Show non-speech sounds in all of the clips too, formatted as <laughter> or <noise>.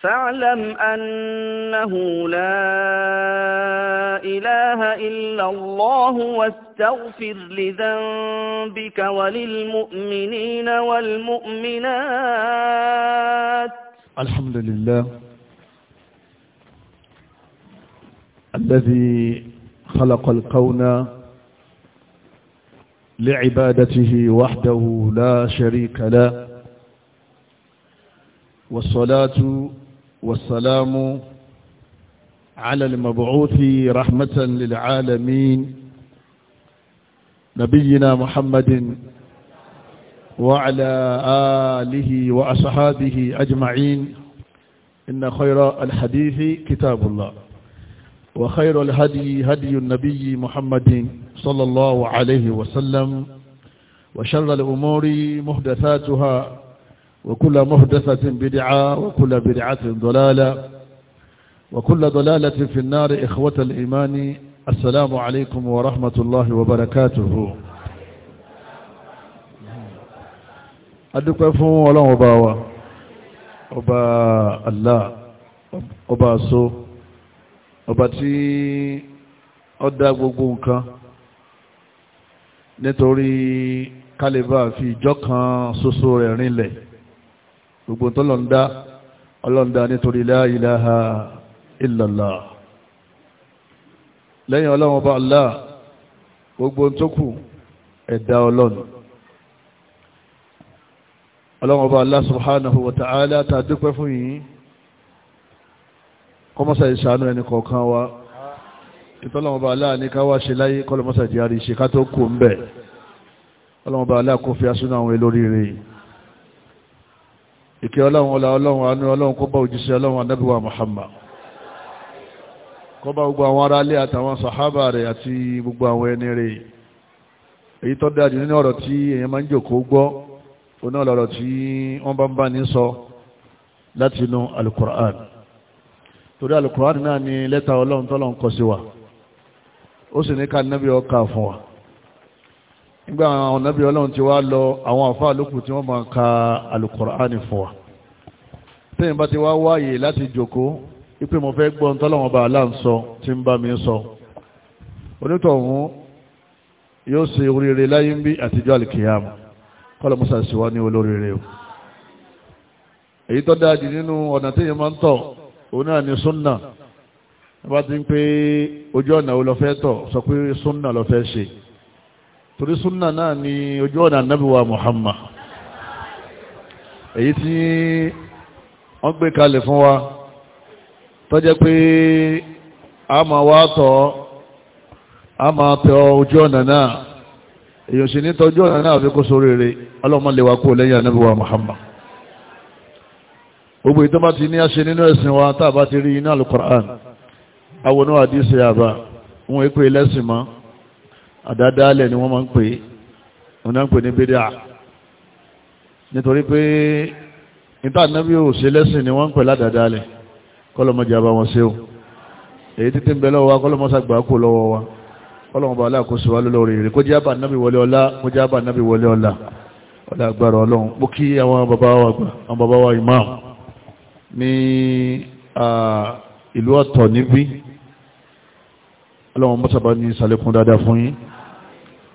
فاعلم أنه لا إله إلا الله واستغفر لذنبك وللمؤمنين والمؤمنات الحمد لله الذي خلق الكون لعبادته وحده لا شريك له والصلاة والسلام على المبعوث رحمة للعالمين نبينا محمد وعلى آله وأصحابه أجمعين إن خير الحديث كتاب الله وخير الهدي هدي النبي محمد صلى الله عليه وسلم وشر الأمور مهدثاتها وكل محدثة بدعة وكل بدعة ضلالة وكل ضلالة في النار إخوة الإيمان السلام عليكم ورحمة الله وبركاته adúpẹ́ fún ọlọ́run ọba wa ọba Allah ọba àṣọ ọba tí ó dá gbogbo nǹkan nítorí kálíbà fi ìjọ kan ṣoṣo rẹ̀ rinlẹ̀ gbogbo tọ́lọ̀ndá ọlọ́ndá nítorí la ilaha illallah lẹ́yìn ọlọ́run bá Allah gbogbo tó kù ẹ̀dá ọlọ́run ọlọ́run bá Allah subhanahu wa ta'ala ta dúpẹ́ fún yìí kọmọ́sà ìṣàánú ẹni kọ̀ọ̀kan wa ìtọ́lọ́run bá Allah ní ká ṣe láyé kọlọmọ́sà ìdíyàrí ṣe tó kù ń bẹ̀ ọlọ́run bá Allah kó fi asúnà àwọn elórí rèé ìkẹ́ ọlọ́run ọlá ọlọ́run n'ụlọ ọlọ́run kó bá òjíṣẹ́ ọlọ́run anábíwá Muhammad kó bá gbogbo àwọn aráalé àtàwọn sàhábà rẹ̀ àti gbogbo àwọn ẹni rẹ̀ èyí tó dájú nínú ọ̀rọ̀ tí èèyàn máa ń jòkó gbọ́ tí wọ́n bá ń bá ní sọ láti inú alukur'an torí alukur'an náà ni lẹ́tà ọlọ́run tọ́lọ́run wa ó sì ní ká wa nígbà àwọn ọ̀nàbí ọlọ́run ti wá lọ àwọn àfáà lókù tí wọ́n máa ka alukur'ani fún wa tẹ́yìn bá ti wá wáyè láti jòkó ipé mo fẹ́ gbọ́n tọ́lọ́wọ́n bá aláǹsọ tí ń bá mi sọ onítọ̀hún yóò ṣe oríire láyé ń bí àtijọ́ alìkìyàmù kọ́lọ̀ musa sì ní olóríire èyí tó dáa jù nínú ọ̀nà tẹ́yìn máa ń tọ̀ òun náà ni sunna, wọ́n ti ń pé ojú ọ̀nà wo lọ fẹ́ tọ̀ sọ pé súnà lọ fẹ́ ṣe torí súnà náà ni ojú ọ̀nà anábìwá Muhammad èyí tí wọ́n gbé kalẹ̀ fún wa tọ́jẹ́ pé a máa wá tọ́ a máa tẹ ojú ọ̀nà náà èyàn sì ní tọ́jú ọ̀nà náà fi kó sórí rẹ̀ ọlọ́mọ lè wá kó lẹ́yìn anábìwá Muhammad gbogbo ìtọ́ bá ti ní àṣẹ nínú ẹ̀sìn wa tá a bá ti rí iná alukur'an àwọn oníwàdí ṣe àbá wọn èpè lẹ́sìn mọ́ àdádálẹ̀ ni wọ́n máa ń pè wọ́n náà ń pè ní bídíà nítorí pé níta nábì ò lẹ́sìn ni wọ́n ń pè ládàádálẹ̀ kọ́lọ́mọdé àbá wọn ṣe o èyí títí ń bẹ lọ́wọ́ wa kọ́lọ́mọsàgbà kò lọ́wọ́ wa kọ́lọ́mọba aláàkóso wa lórí rẹ̀ kó jẹ́ àbá nábì wọlé ọlá kó jẹ́ àbá wọlé ọlá ọlá agbára ọlọ́run imam ní ìlú ọ̀tọ̀ níbí ọlọ́run mọ́sàbá ní ìsàlẹ̀kùn dáadáa fún yín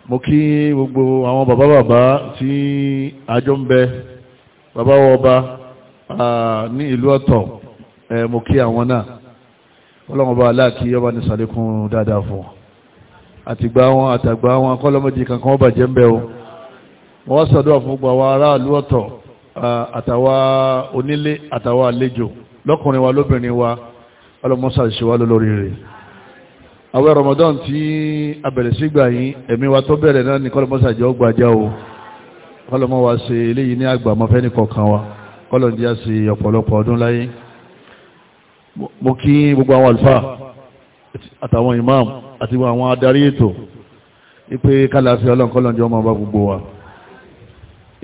mo kí gbogbo àwọn bàbá bàbá tí àjọ ń bẹ bàbá ọba ní ìlú ọ̀tọ̀ mo kí àwọn náà ọlọ́mọba aláàkí ọba ní sàlékún dáadáa fún àtìgbà wọn àtàgbà wọn akọ́lọ́mọdé kankan ọba jẹ́ ń bẹ o wọ́n sọ̀dọ̀ fún gbogbo àwọn aráàlú ọ̀tọ̀ àtàwà onílé àtàwà àlejò lọ́kùnrin wa lóbìnrin wa ọlọ́mọsà ìṣẹ́wà lórí rẹ̀ àwẹ̀ Ramadan tí abẹ̀rẹ̀ sígbà yìí ẹ̀mí wa tó bẹ̀rẹ̀ náà ni kọ́lọ̀mọ́sàjọ́ gbàjá o kọ́lọ̀mọ́ wa ṣe eléyìí ní àgbà mọ́fẹ́ ní kọ̀ọ̀kan wa kọ́lọ̀n díá sí ọ̀pọ̀lọpọ̀ ọdún láyé mo kí gbogbo àwọn àlùfáà àtàwọn imam àti àwọn adarí ètò wípé kálàáfíà ọlọ́n kọ́lọ̀njọ́ máa bá gbogbo wa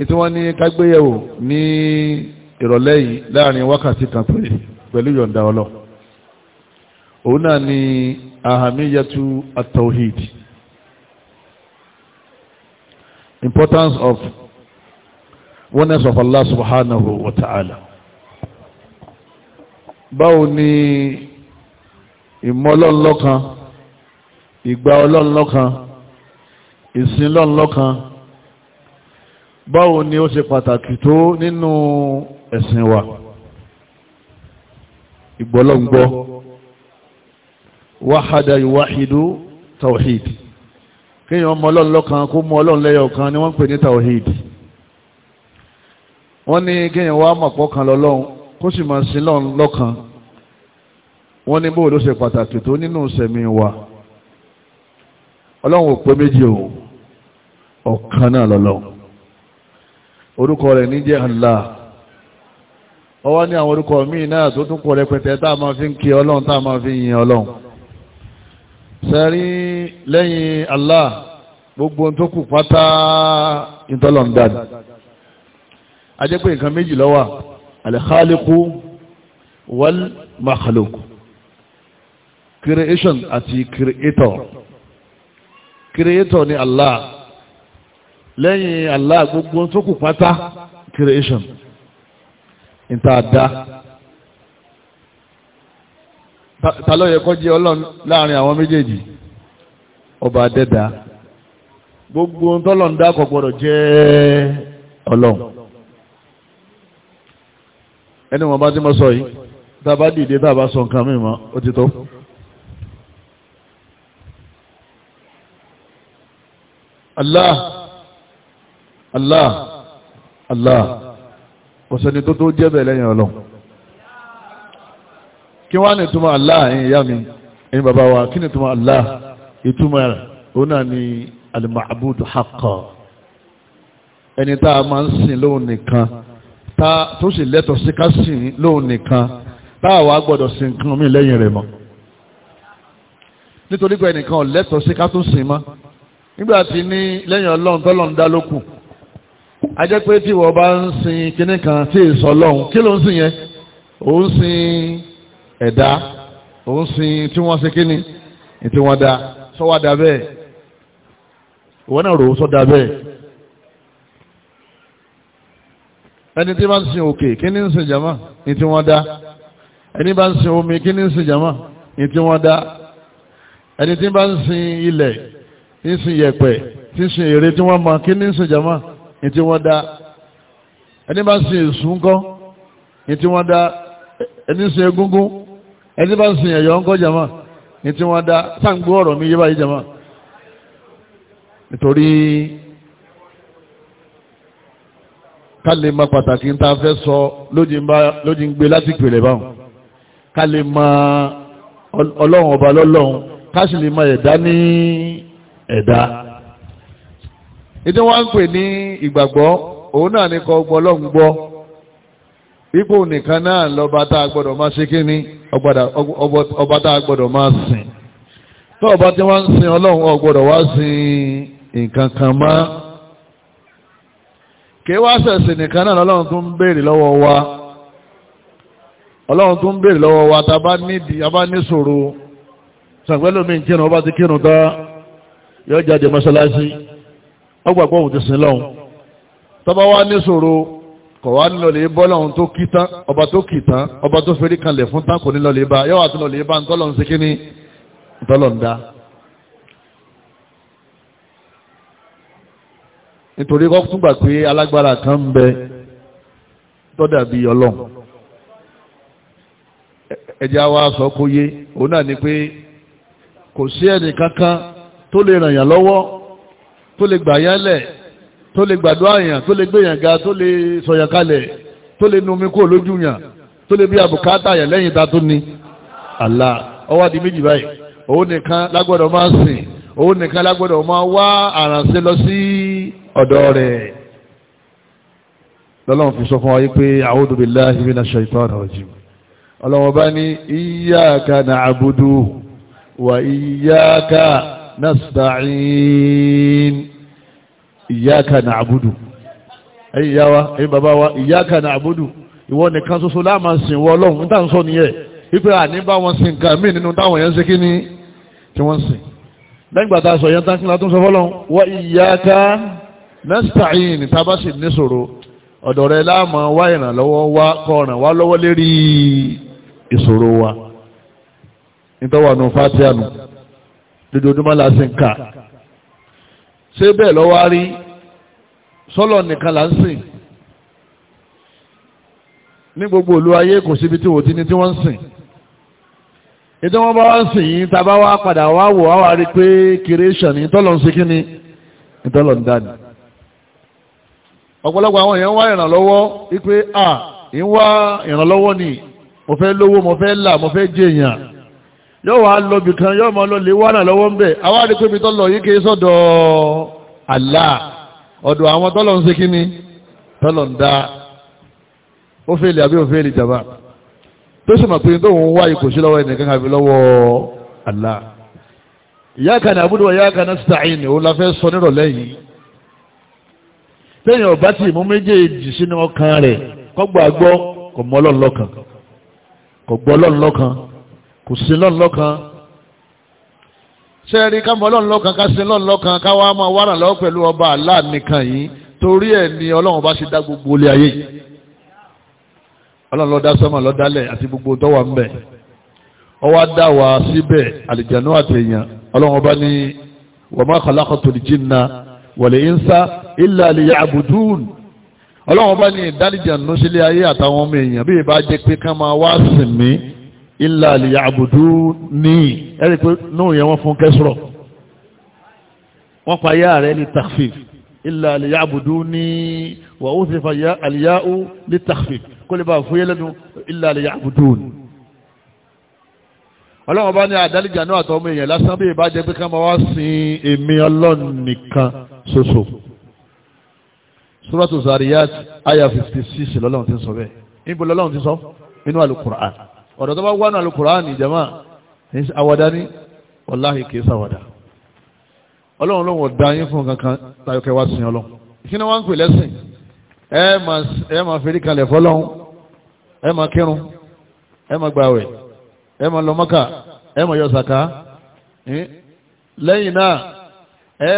ètò wọn ní kágbéyẹ̀wò ní ìrọ̀lẹ́ yìí láàrin wákàtí kan pẹ̀lú yọ̀ǹda ọlọ́ ni ahamiyatu at-tawhid importance of oneness of Allah subhanahu wa ta'ala báwo ni ìmọ̀ Ọlọ́run lọ́kan ìgbà Ọlọ́run lọ́kan báwo ni ó ṣe pàtàkì tó nínú ẹ̀sìn wa ìgbọ́lọ́ngbọ́ wáhádà ìwáhìdú tawhid kíyàn ọmọ ọlọ́run kó mú ọlọ́run lẹ́yọ̀ kan ni wọ́n pè ní tawhid wọ́n ni kíyàn wá mọ̀pọ̀ kan lọ́lọ́run kó sì máa sin lọ́run lọ́kan wọ́n ní bóòlù ṣe pàtàkì tó nínú sẹ̀mí wa ọlọ́run ò pé méjì o ọ̀kan náà lọ́lọ́run orúkọ rẹ̀ ní àwọn orúkọ míì náà tó tún rẹpẹtẹ fi ń kí ọlọ́run tá fi ń yin sẹ́rí lẹ́yìn Allah gbogbo tó kù pátá ìtọ́lọ̀ndàdì ajẹ́ pé nǹkan méjì ló wà al-Khaliqu wal-Makhluq creation àti creator creator ni Allah lẹ́yìn Allah gbogbo tó kù pátá creation ìtàdá ta ló yẹ kó jẹ́ ọlọ́run láàrin àwọn méjèèjì ọba dẹ́dà gbogbo tọ́lọ̀n dákọ̀ gbọ́dọ̀ jẹ́ ọlọ́run ẹni wọn bá tí mo sọ yìí tàbá dìde tàbá sọ nǹkan mímọ́ ó ti tó Allah Allah Allah kò sẹ́ni tó tó jẹ́ bẹ̀ lẹ́yìn ọlọ́run kí wọ́n á ní ìtumọ̀ Allah ẹ̀yin ìyá mi ẹ̀yin bàbá wa kí ní ìtumọ̀ Allah ìtumọ̀ rẹ̀ òun náà ni alimabudu hakọ̀ ẹni tá a máa ń sìn lóhun nìkan tó sì lẹ́tọ̀ọ́ sí ká sìn lóhun nìkan tá a wà gbọ́dọ̀ sìn nǹkan mi lẹ́yìn rẹ̀ mọ́ nítorí pé ẹnìkan ò lẹ́tọ̀ọ́ sí ká tún sìn mọ́ nígbà tí ní lẹ́yìn ọlọ́run tọ́lọ́run dá lókù a jẹ́ pé tí wọ́n bá ń sìn kinní kan tí èso ọlọ́run kí ló ń sìn yẹn òun sìn ẹ̀dá òun sin tí wọ́n ṣe kíni tí wọ́n da sọ́wọ́ da bẹ́ẹ̀ ìwọ náà rò ó sọ́ da bẹ́ẹ̀ ẹni tí bá ń sin òkè kíní ń sin jama ní tí wọ́n da ẹni bá ń sin omi kíní ń sin jama ní tí wọ́n da ẹni tí bá ń sin ilẹ̀ ń sin yẹ̀pẹ̀ tí sin èrè tí wọ́n mọ kíní ń sin jama ní tí wọ́n da ẹni bá ń sin èsùn kọ́ tí wọ́n da ẹni ń sin egúngún ẹni bá ń sin ẹ̀yọ́ ń kọ́ jama ní tí wọ́n dá sáǹgbó ọ̀rọ̀ mi yé báyìí jama nítorí ká lè mọ pàtàkì ń ta fẹ́ sọ lójì ń gbé láti pèlè báwọn ká lè mọ ọlọ́run ọba lọ́lọ́run ká sì lè mọ ẹ̀dá ní ẹ̀dá ìdí wọ́n ń pè ní ìgbàgbọ́ òun náà ní kọ́ gbọ́ ọlọ́run gbọ́ ipò nìkan náà lọ́ba tá a gbọ́dọ̀ máa ṣe kí ni. ọba tá a gbọ́dọ̀ máa sìn tó ọba tí wọ́n ń sin ọlọ́run ọgbọ́dọ̀ wá sin nǹkan kan mọ́ kí wá ṣẹ̀sìn nìkan náà ọlọ́run tún ń béèrè lọ́wọ́ wa ọlọ́run tún ń béèrè lọ́wọ́ wa tá a bá níṣòro kírun ọba ti kírun tán yóò jáde mọ́ṣáláṣí ọgbàgbọ́ òun sin lọ́hùn tọ́ba wá níṣòro kọ̀wá nílọ̀lẹ̀ bọ́lá ohun tó kí tán ọba tó kì tán ọba tó fẹ́rí kanlẹ̀ fún tán kò nílọ̀lẹ̀ bá yọ́wà tó lọ̀lẹ̀ bá ń tọ́lọ̀ ń ṣe ní tọ́lọ̀ ń dá nítorí kọ́ tún gbà pé alágbára kan ń bẹ tó dàbí ọlọ́run ni pé kò sí ẹnì kankan tó lè ràn tó lè gbàdúrà yàn tó lè gbéyàn ga tó lè sọ̀yàn kalẹ̀ tó lè nu omi kó lójú yàn tó lè bí àbùkátà yàn lẹ́yìn ta tó ní Allah ọwọ́ di méjì báyìí òun nìkan lágbọ́dọ̀ máa sìn òun nìkan lágbọ́dọ̀ máa wá àrànṣe lọ sí ọ̀dọ̀ rẹ̀ lọ́lọ́run fi sọ fún wa yí pé a'udhu billahi minash shaitanir rajim ọlọ́wọ́n bá ní iyyaka na'budu wa iyyaka nasta'in Iyaka na abudu ẹ̀yìn ya wa ẹ̀yìn bàbá wa iyaka na àbúdù ìwọ nìkan la sìn wọ ọlọ́run níta ń sọ nìyẹn àní wọn sìn nǹkan míì nínú táwọn yẹn ń ṣe kí ni tí wọ́n sìn lẹ́gbà tá a sọ yẹn tán ni sọ fọ́lọ́run wọ ìyáka nasta'in ọ̀dọ̀ rẹ wá ìrànlọ́wọ́ wá kọ́ wá lọ́wọ́ lérí ìṣòro wa nítorí ṣé bẹ́ẹ̀ lọ́wọ́ á rí sọ́lọ̀ nìkan là ń sìn ní gbogbo ìlú ayé kò síbi tí wòtí ni tí wọ́n ń sìn ètò wọn bá wá ń sìn yìí tàbá wá padà wá wò wá wá rí pé creation ní tọ́lọ̀ ń ṣe kí ni ìtọ́lọ̀ ń dání ọ̀pọ̀lọpọ̀ àwọn èèyàn wá ìrànlọ́wọ́ wípé à ń wá ìrànlọ́wọ́ ni mo fẹ́ lówó mo fẹ́ là mo fẹ́ jẹ yóò wá lọ bì kan yóò máa lọ lè wá náà lọ́wọ́ ń bẹ̀ àwárí pé ibi tó lọ yìí kì í sọ́dọ̀ Allah ọ̀dọ̀ àwọn tọ́lọ̀ ń ṣe kí ni tọ́lọ̀ ń dá ó fẹ́ lè àbí ó fẹ́ lè jàmbá tó sì mọ̀ pé tó ń wá ipò sí lọ́wọ́ ẹnìkan àbí lọ́wọ́ Allah iyyaka na'budu wa iyyaka nasta'in òun la fẹ́ sọ nírọ̀lẹ́ yìí tẹ́yìn ọ̀bá tí ìmú méjèèjì sínú ọkàn rẹ̀ kọ́gbà gbọ́ kò mọ́ ọlọ́run lọ́kàn kò gbọ́ ọlọ́run lọ́kàn kò sí lọ́n lọ́kan sẹ́ẹ̀rí kámọ́ lọ́n lọ́kan ká sí lọ́n lọ́kan káwá máa wára lọ́wọ́ pẹ̀lú ọba Allah nìkan yìí torí ẹ̀ ni ọlọ́run bá ṣe dá gbogbo ilé ayé yìí ọlọ́run lọ́dá sọ́mà lọ́dálẹ̀ àti gbogbo tó wà ń bẹ̀ ọwá dá wa síbẹ̀ àlìjànú àti èèyàn ọlọ́run bá ní wa ma khalaqatul jinna wal insa illa liya'budun ọlọ́run bá ní ìdálìjànú sílé ayé àtàwọn ọmọ èèyàn bí ìbá jẹ́ pé ká máa wá sìn mí ilà àlìyà àbùdú ní ẹ̀rí pé nóò yẹn wọ́n fún kẹsùrọ̀ wọ́n pa yá rẹ̀ ní takfif ilà àlìyà àbùdú ní wà ó sì fa àlìyà ó ní takfif kó lè bá fúyẹ́ lẹ́nu ilà àlìyà àbùdú ní ọlọ́run bá ní àdálìjà náà àtọ́ ọmọ èèyàn lásán bí ìbá jẹ́ pé ká máa wá sin èmi ọlọ́run nìkan ṣoṣo Suratu Zariyat aya 56 lọ́lọ́run ti sọ bẹ́ẹ̀ níbo lọ́lọ́run ti sọ nínú Al-Qur'an ọ̀dọ̀ tó bá wà náà Al-Kùránì jama ní wàláhì kìí sàwàdà ọlọ́run da yín fún kankan tayọkẹ wá sin kí ni wọ́n ń pè lẹ́sìn ẹ máa fèrè kalẹ̀ fọlọ́run ẹ kírun ẹ gbàwẹ̀ ẹ ẹ lẹ́yìn náà ẹ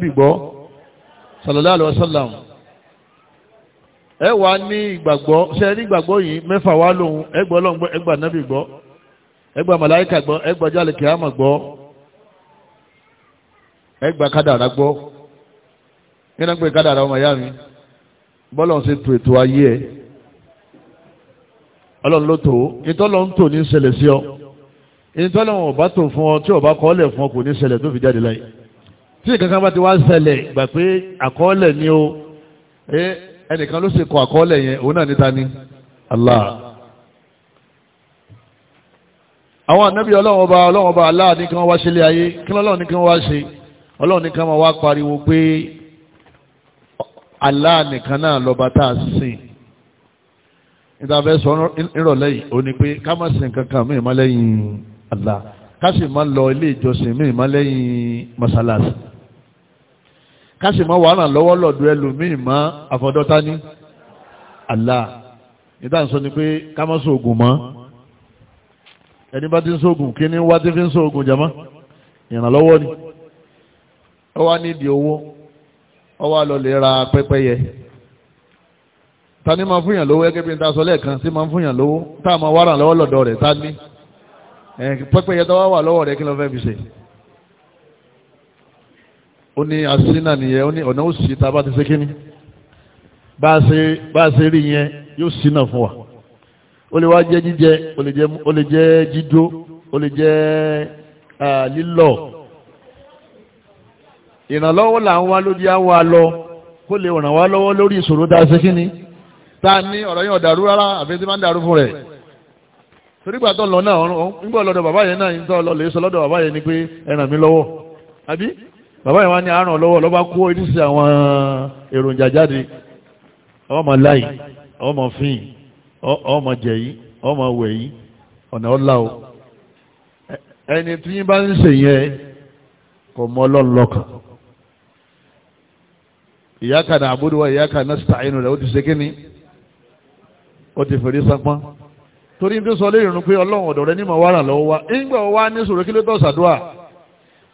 gba ẹ wà ní ìgbàgbọ́ ṣe ní ìgbàgbọ́ yìí mẹ́fà wá lòun ẹgbọ́ lọ́gbọ́ ẹgbà nábì gbọ́ ẹgbà màláìkà gbọ́ ẹgbà jálè kìámà gbọ́ ẹgbà kádàrà gbọ́ nínú pé kádàrà ọmọ ìyá mi bọ́lọ̀ ṣe tó ètò ayé ẹ ọlọ́run ló tó ìtọ́lọ́ ń tò ní ṣẹlẹ̀ sí ọ ìtọ́lọ́ ò bá tò fún ọ tí ò bá kọ́ fún ọ kò ní ṣẹlẹ̀ tó fi jáde láyé tí ìkankan bá ti wá ṣẹlẹ̀ gbà pé àkọọ́lẹ̀ ni o ẹnìkan ló sì kọ àkọọ́lẹ̀ yẹn òun náà níta ni Allah àwọn ànábì ọlọ́run ọba ọlọ́run ọba Allah ní kí wá sílé ayé kí lọ́lọ́run ní kí wọ́n wá ṣe ọlọ́run ní kí wọ́n wá pariwo pé Allah nìkan náà lọ́ba tá a sìn ìrọ̀lẹ́ yìí ní pé ká má sìn kankan mí ìmọ̀lẹ́yìn Allah ká sì má lọ ilé ìjọsìn kásì mọ́ wàhálà lọ́wọ́ lọ́dọ̀ ẹlòmíì mọ́ àfọ̀dọ́ta ní ń sọ ni pé ká má sóògùn mọ́ ẹni bá ti ń sóògùn kí ni wá ti fi ń sóògùn jama ìrànlọ́wọ́ ni wá owó wá lọ ta ni máa fúnyàn lówó ẹgẹ́ bí n ta sọ lẹ́ẹ̀kan tí máa fúnyàn lówó tá a máa lọ́wọ́ lọ́dọ̀ rẹ̀ ta ni tó wá wà lọ́wọ́ rẹ̀ kí fẹ́ fi ó ní asínà nìyẹn ó ní ọ̀nà ó sì ta bá ti ṣe kíní bá a ṣe rí yẹn yóò sínà fún wa ó lè wá jẹ́ jíjẹ ó lè jẹ́ jíjó ó lè jẹ́ lílọ̀ ìrànlọ́wọ́ lórí àwọn alọ kó lè ràn wá lọ́wọ́ lórí ìṣòro dá ṣe kíní ta ní ọ̀rọ̀ yẹn ọ̀dàrú rárá àfi tí máa ń fún rẹ̀ torígbà tó lọ náà nígbà lọ́dọ̀ bàbá yẹn náà lọ lè sọ bàbá yẹn bàbá ya wá ní àrùn lọ́wọ́ lọ́ba kó oríṣi àwọn èròjà jáde ọmọ láì ọmọ fíìn ọmọ jẹ̀yí ọmọ wẹ̀yí ọ̀nà ọ̀la o ẹni tí yín bá ń ṣe yẹn kò mọ ọlọ́run lọ́kàn ìyáka náà àbúrò wa ìyáka náà sàtàyìn rẹ̀ ó ti ṣe kíni ó ti fèrè sápọ́n torí ń sọ lẹ́yìn rún pé ọlọ́run ọ̀dọ̀ rẹ ní mọ̀ wàrà lọ́wọ́ wa ní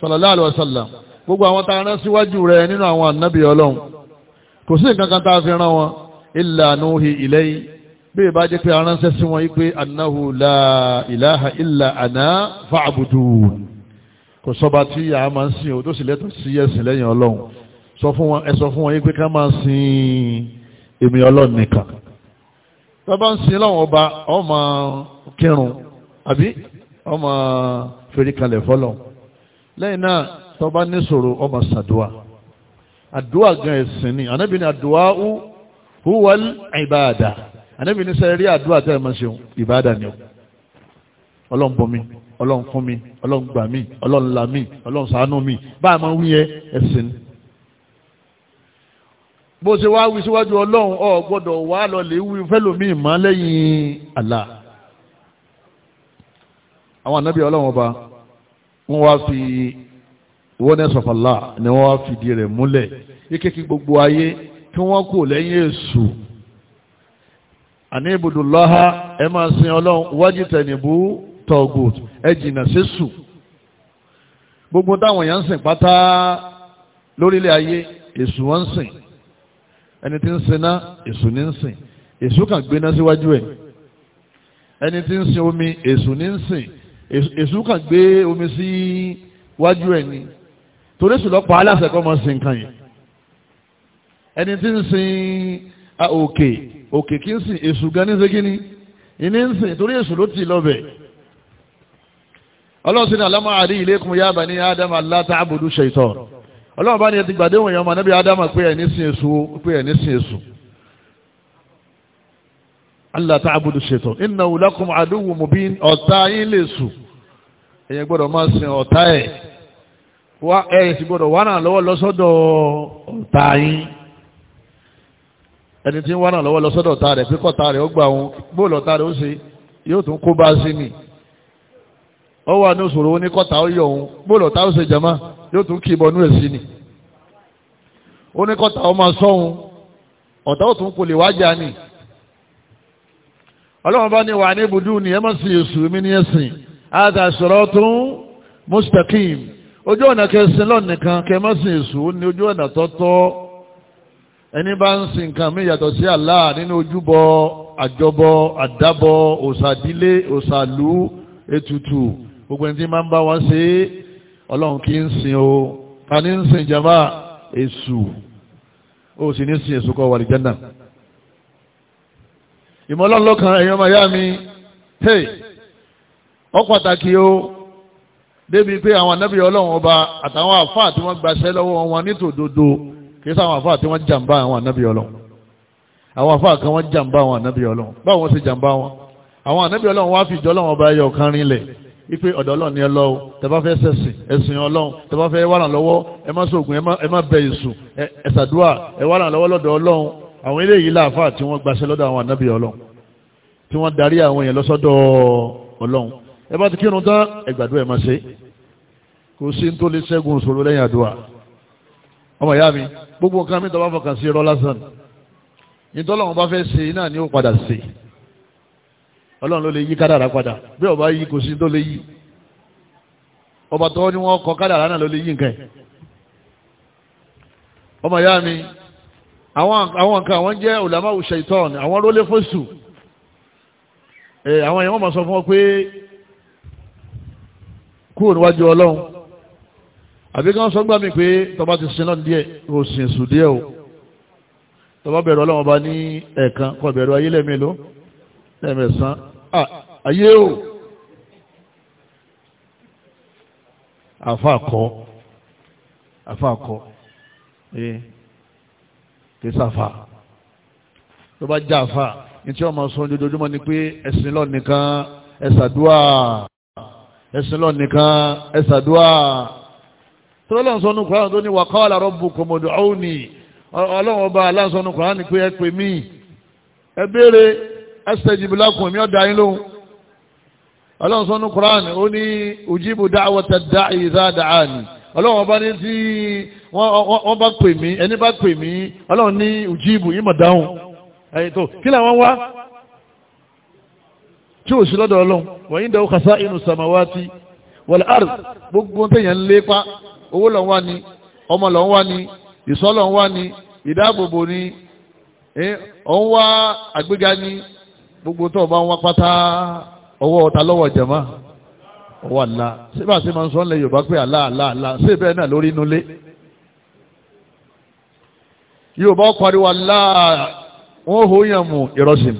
sallallahu alaihi wasallam gbogbo àwọn tá a rán síwájú rẹ nínú àwọn ànábì ọlọ́run kò sí nǹkan kan tá a fi rán wọn illa nuhi ilayhi bí ìbá jẹ́ pé aránṣẹ́ sí wọn wípé annahu la ilaha illa ana fa'budun kò sọba tí a máa ń sin o tó sì lẹ́tọ̀ sí ẹ̀sìn lẹ́yìn ọlọ́run sọ fún wọn ẹ fún wọn wípé ká máa sin èmi ọlọ́run nìkan tó bá ń sin lọ́wọ́n ọba ó kírun àbí ó fèrè kalẹ̀ fọ́lọ́run lẹ́yìn náà tó bá ní ṣòro ọmọ sàdúà àdúà gan ẹ̀sìn ni ànábì ni àdúà huwal ìbáàdà ànábì ní sẹ́rí àdúà tẹ́ ẹ máa ṣeun ìbáàdà ni o ọlọ́run bọ mi ọlọ́run fún mi ọlọ́run gbà mí ọlọ́run là mí ọlọ́run ṣàánú mi bá a máa wí yẹ ẹ̀sìn ni bó ṣe wá wí síwájú ọlọ́run ọ gbọ́dọ̀ wá lọ lè wí fẹ́lòmíì mọ́ lẹ́yìn Allah àwọn ànábì ọlọ́run ọba wọ́n wá fi ìwọ́nẹ́ sọ̀fàlà ni wọ́n wá fìdí rẹ̀ múlẹ̀ yíkékí gbogbo ayé kí wọ́n kò lẹ́yìn èṣù àní ibùdókọ́lá ẹ máa sin ọlọ́run wájú tẹ̀nìbù tọ̀gùt ẹ jìnnà séṣù gbogbo táwọn èèyàn ń sìn pátá lórílẹ̀ ayé èṣù wọn ń sìn ẹni tí ń sinná èṣù ní ń sìn èṣù kàn gbéná síwájú ẹ̀ ẹni tí ń sin omi èṣù ní ń sìn èṣù kàn gbé omi sí wájú ẹ̀ ni torí èṣù lọ́pọ̀ aláṣẹ kọ́ mọ́ sí nǹkan yẹn ẹni tí ń sin òkè òkè kí ń sin èṣù gan ní ṣégíní ìní ń sin torí èṣù ló ti lọ́bẹ̀ ọlọ́run sí ní alámọ̀ àrí ilaykum ya bani ádámù allá ta'budu shaytan ọlọ́run bá ní ẹti gbàdéhùn èèyàn ọmọ níbi ádámù pé ẹ̀ sin èṣù pé ẹ̀ ní sin èṣù allá ta'budu shaytan innahu lakum aduwwun mubin ọ̀tá yín lè sùn ẹ̀yẹ gbọ́dọ̀ máa sin ọ̀tá ẹ̀ wá ẹ̀yẹ sì gbọ́dọ̀ wá náà lọ́wọ́ lọ́sọ́dọ̀ ọ̀tá yín ẹni tí ń wá náà lọ́wọ́ lọ́sọ́dọ̀ ọ̀tá rẹ̀ pípọ̀ ọ̀tá rẹ̀ ó gbà wọn bóòlù ọ̀tá rẹ̀ ó ṣe yóò tún kó bá sí ni ó wà ní òṣòro ní kọ́ta ó yọ òun bóòlù ọ̀tá ó ṣe jama yóò tún kí ìbọnú ẹ̀ sí ni ó ní kọ́ta ó máa sọ́ òun ọ̀tá ó tún kò lè wájà ni ọlọ́run bá ní wà ní ibùdó ni ẹ má sì èṣù mi ní ẹ̀sìn ada siratun mustaqim ojú ọ̀nà kẹsìn lọ́n nìkan kẹmọ́sìn èṣù ní ojú ọ̀nà tọ́tọ́ ẹni bá ń sin nǹkan mí yàtọ̀ sí Allah nínú ojúbọ àjọbọ àdábọ òsàdílé òsàlú ètùtù gbogbo ẹni tí máa ń bá wọn ṣe ọlọ́run kì í sin o ta ní ń sin jama èṣù ó sì ní sin èṣù kọ wà lìjánà ìmọ̀lọ́n lọ́kàn ẹ̀yọ́ mi hey ó pàtàkì o débi pé àwọn anábìyà ọlọ́run ọba àtàwọn àfáà tí wọ́n gbaṣẹ́ lọ́wọ́ wọn nítòdodo kì í sáwọn àfáà tí wọ́n jàǹbá àwọn anábìyà ọlọ́run àwọn àfáà kan wọ́n jàǹbá àwọn anábìyà ọlọ́run báwo wọ́n ṣe jàǹbá wọn àwọn anábìyà ọlọ́run wá fìjọ́ ọlọ́run ọba ẹyọ kan rinlẹ̀ ipe ọ̀dọ̀ ọlọ́run ni ẹ lọ o tẹ bá fẹ́ sẹ̀sìn ẹ̀sìn ọlọ́run tẹ bá fẹ́ wàràn lọ́wọ́ ẹ má sògùn ẹ má bẹ èṣù ẹ ṣàdúrà ẹ wàràn lọ́wọ́ lọ́dọ̀ ọlọ́run àwọn eléyìí láàfáà tí wọ́n gbaṣẹ́ lọ́dọ̀ àwọn ànábì ọlọ́run tí wọ́n darí àwọn èèyàn lọ́sọ́dọ̀ ọlọ́run ẹ bá ti kírun tán ẹ gbàdúrà ẹ máa ṣe kò sí tó lè ṣẹ́gun ìṣòro lẹ́yìn àdúrà ọmọ ìyá mi gbogbo nǹkan mi tó bá fọkàn sí irọ́ lásán ìtọ́lọ́run bá fẹ́ ṣe náà ni ó padà ṣe ọlọ́run ló lè yí kádàrá padà bí ó bá yí kò sí tó lè yí ọba tó ní wọ́n kọ kádàrá náà ló lè yí nǹkan ẹ̀ ọmọ ìyá mi àwọn nǹkan àwọn jẹ́ ulama shaitan àwọn rólé fóṣù àwọn èèyàn wọ́n máa sọ fún wọn pé kúrò níwájú ọlọ́run àbí kí wọ́n sọ gbà mí pé tọba ti sin náà díẹ̀ o sì sùn díẹ̀ o tọba bẹ̀rù ọlọ́run ọba ní ẹ̀ẹ̀kan kọ bẹ̀rù ayé lẹ́mẹ̀ló lẹ́mẹ̀sán ayé o àfa kọ àfa kọ ee kì í tó bá já àfa ní tí wọ́n máa sọ ojoojúmọ́ ni pé ẹ̀sìn lọ nìkan ẹ̀sàdúà ẹ̀sìn lọ nìkan ẹ̀sàdúà tọ́lọ́n sọ́nù kùránì tó ní wa qala rabbukum ud'uni ọlọ́run ọba aláǹsọ́nù kùránì pé ẹ pè mí ẹ béèrè astajib lakum èmi yín lóhùn ọlọ́run sọ́nù ó ní ujibu da'wata da'i idha da'ani ọlọ́run ọba ní tí wọ́n bá pè mí ẹni bá pè mí ọlọ́run ní ujibu ìmọ̀ dáhùn ẹ̀yìn tó kí làwọn wá tí ò sí lọ́dọ̀ ọlọ́run wọ́n yín dáwọ́ kasa inú samawati wal ard gbogbo tẹ̀yẹ̀ ń lépa owó lọ́n wá ni ọmọ lọ́n wá ni ìsọ́ lọ́n wá ni ìdáàbòbò ni ọ̀n wá àgbéga ni gbogbo tó bá ń wá pátá ọwọ́ ọ̀tá lọ́wọ́ jẹ̀mọ́ ọwọ́ àlá síbà sí máa ń sọ ń lẹ yorùbá pé àlá àlá àlá sí bẹ́ẹ̀ náà lórí inú lé yorùbá ọkọ̀ àríwá àlá wọ́n hó yàn mú ìrọsìn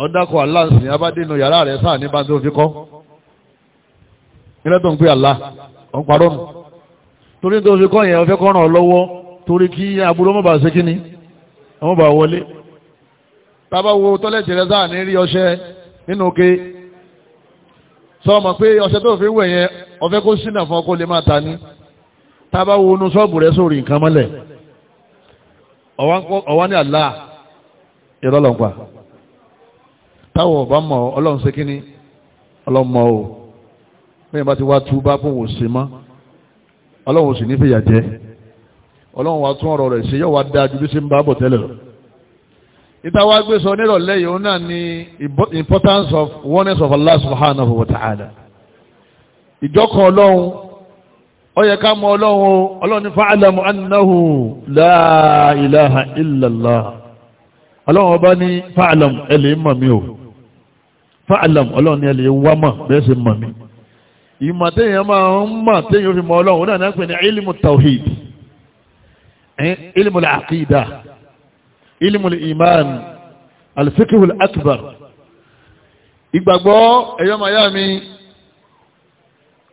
ọ̀dàkọ̀ aláǹsìn abádínú yàrá rẹ̀ sáà ní báńtó fi nílẹ̀ tó ń pè àlá ọ̀n parọ́ nù torí tó fi kọ́ yẹn ọ̀fẹ́ kọ́ ràn lọ́wọ́ torí kí aburú má ṣe kíni má wọlé tábà wo tọ́lẹ̀tì rẹ̀ sáà ní rí ọṣẹ nínú sọ ma pé ọṣẹ tó fi wẹ̀ yẹn ọ̀fẹ́ kó sínà fún ọkọ lè máa ta táwọn ọba mọ̀ ọlọ́run ṣe kí ni ọlọ́mọ o bẹ́ẹ̀ bá ti wá tú bá fún òsì mọ́ ọlọ́run sì ní fìyà jẹ ọlọ́run wa tún ọ̀rọ̀ rẹ̀ ṣe yóò wá dáa ju bí ṣe ń bá bọ̀ tẹ́lẹ̀ lọ. ìta gbé sọ nírọ̀lẹ́ yìí òun ni importance of oneness of Allah subhanahu wa ta'ala ìjọkọ̀ ọlọ́run ó ká mọ ọlọ́run o ọlọ́run ní fa'alamu annahu la ilaha illallah ọlọ́run ọba ní fa'alamu ẹ̀lẹ́ mọ̀ mi o fa'alam ọlọ́run ni ẹlẹ́ wá mọ̀ bẹ́ẹ̀ sì mọ̀ mí ìmọ̀ téèyàn máa ń mọ̀ téèyàn fi mọ̀ ọlọ́run náà náà pè ní ilimu tawhid ilimu al-aqida ilimu al-iman al-fiqhu al-akbar ìgbàgbọ́ ẹ̀yọ́ màyá mi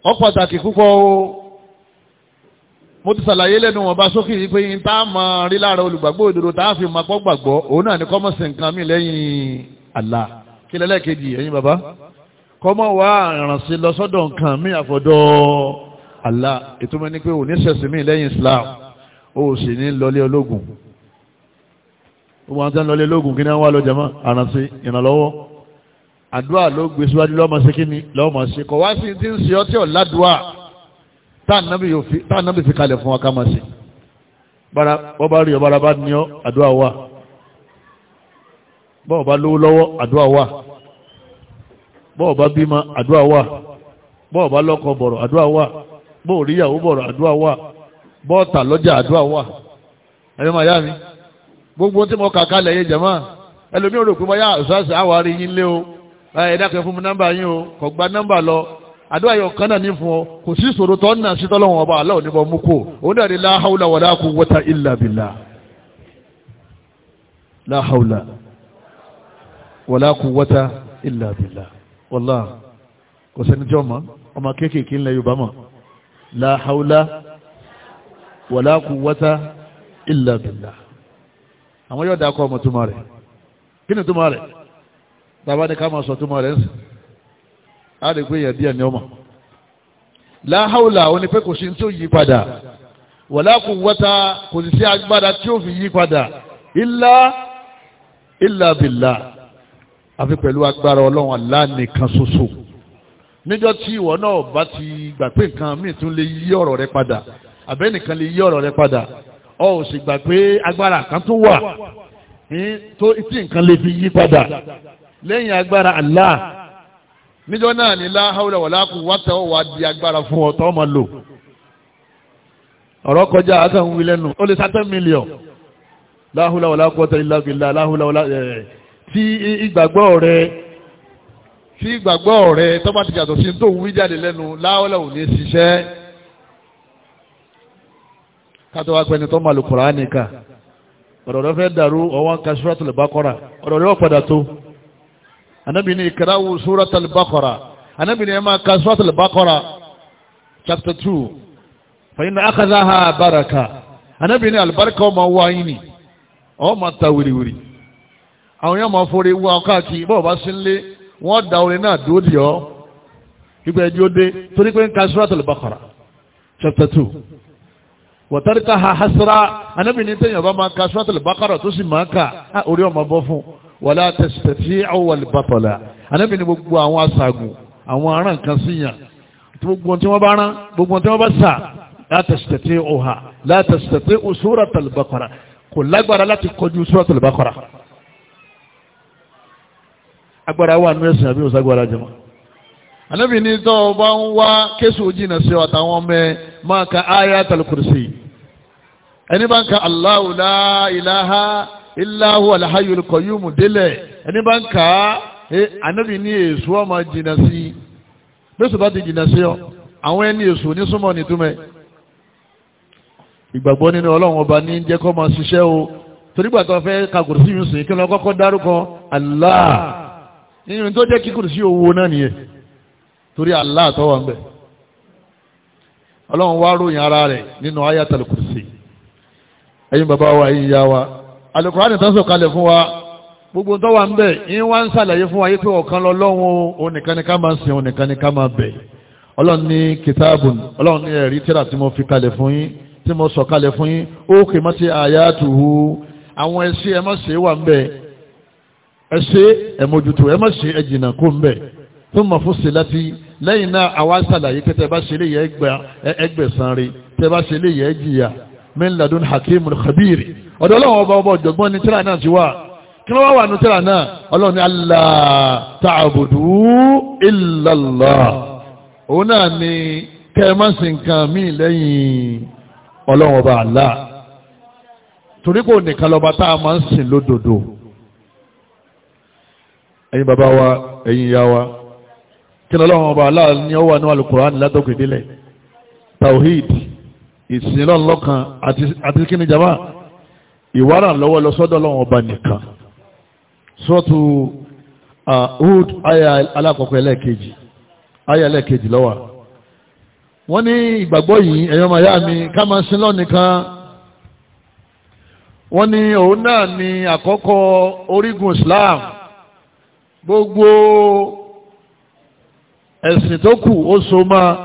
ọ pàtàkì púpọ̀ o mo ti ṣàlàyé lẹ́nu wọn bá sókè yìí pé tá a máa rí lára olùgbàgbọ́ òdodo tá a fi máa pọ́ gbàgbọ́ òun náà ni kọ́mọ̀sì nǹkan mi lẹ́yìn Allah kí lẹ́lẹ́kejì ẹ̀yin bàbá kọ́mọ wá àrànṣe lọ sọ́dọ̀ nǹkan mí àfọ̀dọ̀ Allah ìtumọ̀ ni pé òní ṣẹ̀sìn mí lẹ́yìn Islam ó sì ní lọlé ológun ó máa ń tán lọlé ológun kí ni wọ́n wá lọ jẹ́mọ́ àrànṣe ìrànlọ́wọ́ àdúrà ló gbé síwájú lọ́mọ sí kí ni lọ́mọ sí kọ̀ wá sí ti ń ṣe ọtí ọ̀làdùà táà nábì fi kalẹ̀ fún wa ká máa ṣe bọ́bá rí ọ̀bára bá ní ọ àdúrà wà bọ́ọ̀ bá lówó lọ́wọ́ àdúrà wà bọ́ọ̀ bá bímọ àdúrà wà bọ́ọ̀ bá wa bọ̀rọ̀ àdúrà wà bọ́ọ̀ ríyàwó bọ̀rọ̀ àdúrà wà bọ́ọ̀tà lọ́jà àdúrà wà ẹ̀yọ́ màá yá mi gbogbo tí mo kà kalẹ̀ yé jẹ̀mọ́ rò pé àwárí yín o ẹ̀ẹ́dàkẹ́ fún mi nọ́mbà yín o kò gba nọ́mbà lọ àdúrà yóò kán náà ní fún ọ kò sí ìṣòro tó ń nà sí ọba aláwọ̀ mú o náà ní wala quwwata illa billah wallahi kò sẹ́ni jọ mọ́ ọmọ kéékèèké ńlẹ̀ yorùbá mọ̀ la hawla wala quwwata illa billah àwọn yóò dákọ̀ ọmọ túmọ̀ rẹ̀ kí ni túmọ̀ rẹ̀ tàbá ní ká máa sọ túmọ̀ rẹ̀ ń sìn á lè gbé èèyàn díẹ̀ ní ọmọ la hawla òní pé kò sí tí ó yí padà wala kò sí agbára tí ó fi yí padà illa illa àfi pẹ̀lú agbára ọlọ́run Allah nìkan ṣoṣo níjọ́ tí ìwọ náà bá ti gbà pé nǹkan míì tún lè yí ọ̀rọ̀ rẹ padà àbẹ́nìkan lè yí ọ̀rọ̀ rẹ padà ọ ò sì gbà pé agbára kan tó wà tó tí nǹkan lè fi yí padà lẹ́yìn agbára Allah níjọ́ náà ni la hawla wala quwwata wà di agbára fún ọ tó máa lò ọ̀rọ̀ kọjá àtàwọn wí lẹ́nu ó lè sá ten million la hawla wala quwwata illa billah la wala tí ìgbàgbọ́ rẹ tí ìgbàgbọ́ rẹ tó bá ti yàtọ̀ sí tóun wí jáde lẹ́nu láwọ́lẹ̀ ò ní ṣiṣẹ́ kátó wá pẹ́ni tó máa lò kùrá nìkan ọ̀rọ̀ rẹ fẹ́ dàrú ọwọ́n ka Suratul Baqara ọ̀rọ̀ rẹ ọ̀padà tó anábì ní ìkàràwù Suratul Baqara anábì ní ẹ máa ka Suratul Baqara chapter two fẹ̀yìn náà akadá ha baraka anábì ní alibarika ọmọ wáyé ni ọmọ ta wìrìwìrì àwọn yóò máa forí wá káàkiri bọ́ọ̀ bá sí nílé wọ́n da orin náà dúró dì ọ́ ìgbà ẹ̀dí ó dé torí pé ń ka Suratul Baqara chapter two wọ̀tárìkà ha hasra anábì ní tẹ̀yìn ọba máa ka Suratul Baqara tó sì máa kà á orí ọmọ bọ́ fún wala tastati'u wal batala anábì ní gbogbo àwọn aṣàgùn àwọn aràn kan síyàn gbogbo tí wọ́n bá rán gbogbo tí wọ́n bá sà la tastati'uha la tastati'u Suratul Baqara kò lágbára láti kọjú Suratul Baqara agbára wà nínú ẹ̀sìn àbí òsàgbára jẹmọ́. ànábì ní tọ́ ọ bá ń wá kéṣù jìnnà sí ọ àtàwọn ọmọ ẹ máa ka ayatul kursi ẹni bá ń ka Allahu la ilaha illa huwa al-hayyul qayyum délẹ̀ ẹni bá ń ka ànábì ní èso ọmọ jìnnà sí i bẹ́sù bá ti jìnnà sí ọ àwọn ẹni èso ní súnmọ́ nìtúmẹ̀ ìgbàgbọ́ nínú ọlọ́run ọba ní jẹ́ máa ṣiṣẹ́ o torígbà tó fẹ́ ka kùrùsí yìí sìn kí wọ́n kọ́kọ́ dárúkọ Allah nínú tó jẹ́ kíkùrù sí owó náà nìyẹn torí Allah tó wà ń bẹ̀ ọlọ́run wá ròyìn ara rẹ̀ nínú ayatul kursi ẹ̀yin bàbá wa ẹ̀yin ìyá wa Al-Qur'ani tó ń sọ̀kalẹ̀ fún wa gbogbo tó wà ń bẹ̀ yín wá ń ṣàlàyé fún wa yí pé ọ̀kan lọ́lọ́run onìkan ni ká máa sìn onìkan ni máa bẹ̀ ọlọ́run ní kìtáàbùn ọlọ́run ní ẹ̀rí tíra tí mo fi kalẹ̀ fún yín tí mo sọ̀kalẹ̀ fún yín ó kè mọ́ sí àyàtùhù àwọn ẹ̀sìn ẹ̀mọ́sẹ̀ wà ń bẹ̀ ẹ ṣe ẹ mójútó ẹ má ṣe ẹ jìnnà kó ń bẹ̀ tó mọ̀ fún ṣe láti lẹ́yìn náà àwa ṣàlàyé pé tẹ́ bá ṣe léyìí ẹgbẹ̀sán rí tẹ́ bá ṣe léyìí ẹ jìyà min ladun hakimun khabir ọ̀dọ̀ ọlọ́run ọba ọba ọ̀jọ̀gbọ́n ni tíra náà ti wà kí wọ́n wà ní tíra náà ọlọ́run ni allah ta'abudu illallah òun náà ni kẹmọ́sì nǹkan mí lẹ́yìn ọlọ́run ọba allah torí nìkan lọ́ba tá a máa ń sìn lódodo ẹ̀yin bàbá wa ẹ̀yin ìyá wa kí ni ọlọ́run ọba aláàlú ni ó wà ní alukur'an látọ̀kọ̀ ìdílẹ̀ tawhid ìsinlọ́lọ́kan àti kí ni jama ìwárà lọ́wọ́ lọ sọ́dọ̀ ọlọ́run ọba nìkan sọ́tù Hud aya alákọ̀ọ́kọ́ ẹlẹ́ẹ̀kejì aya ẹlẹ́ẹ̀kejì lọ́wọ́ wọ́n ní ìgbàgbọ́ yìí ẹ̀yọ́ màyá mi ká máa sin lọ́ nìkan wọ́n ní òun náà ni àkọ́kọ́ orígun Islam gbogbo ẹ̀sìn tó kù ó so máa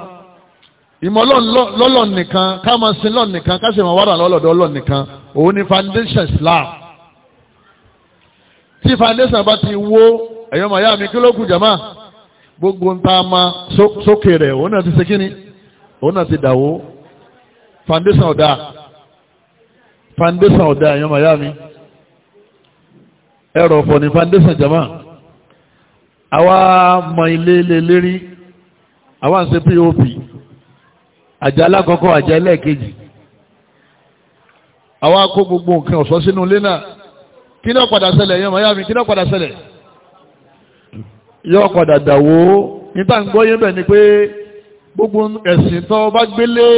ìmọ̀ lọ́lọ́ nìkan ká máa sin lọ́ọ̀ nìkan ká sì máa wádà lọ́lọ́dọ̀ ọlọ́ọ̀ nìkan òun ni foundation Islam tí foundation bá ti wó ẹ̀yọ́ màyá mi kí ló kù jàmá gbogbo ń ta ma sókè rẹ̀ òun náà ti ṣe kíni òun náà ti dàwó foundation ọ̀dà foundation ọ̀dà ẹ̀yọ́ màyá mi ẹ̀rọ̀ ọ̀fọ̀ ni foundation jàmá. àwa mọ ilé ilé lérí àwa ń ṣe pop àjà alákọ̀ọ́kọ́ àjà ẹlẹ́ẹ̀kejì àwa kó gbogbo nǹkan ọ̀ṣọ́ sínú ilé náà kí náà padà ṣẹlẹ̀ yẹn màyà mi kí náà padà ṣẹlẹ̀ yọ padà dàwó níta ń gbọ́ yẹn bẹ̀ ni pé gbogbo ẹ̀sìn tó bá gbélé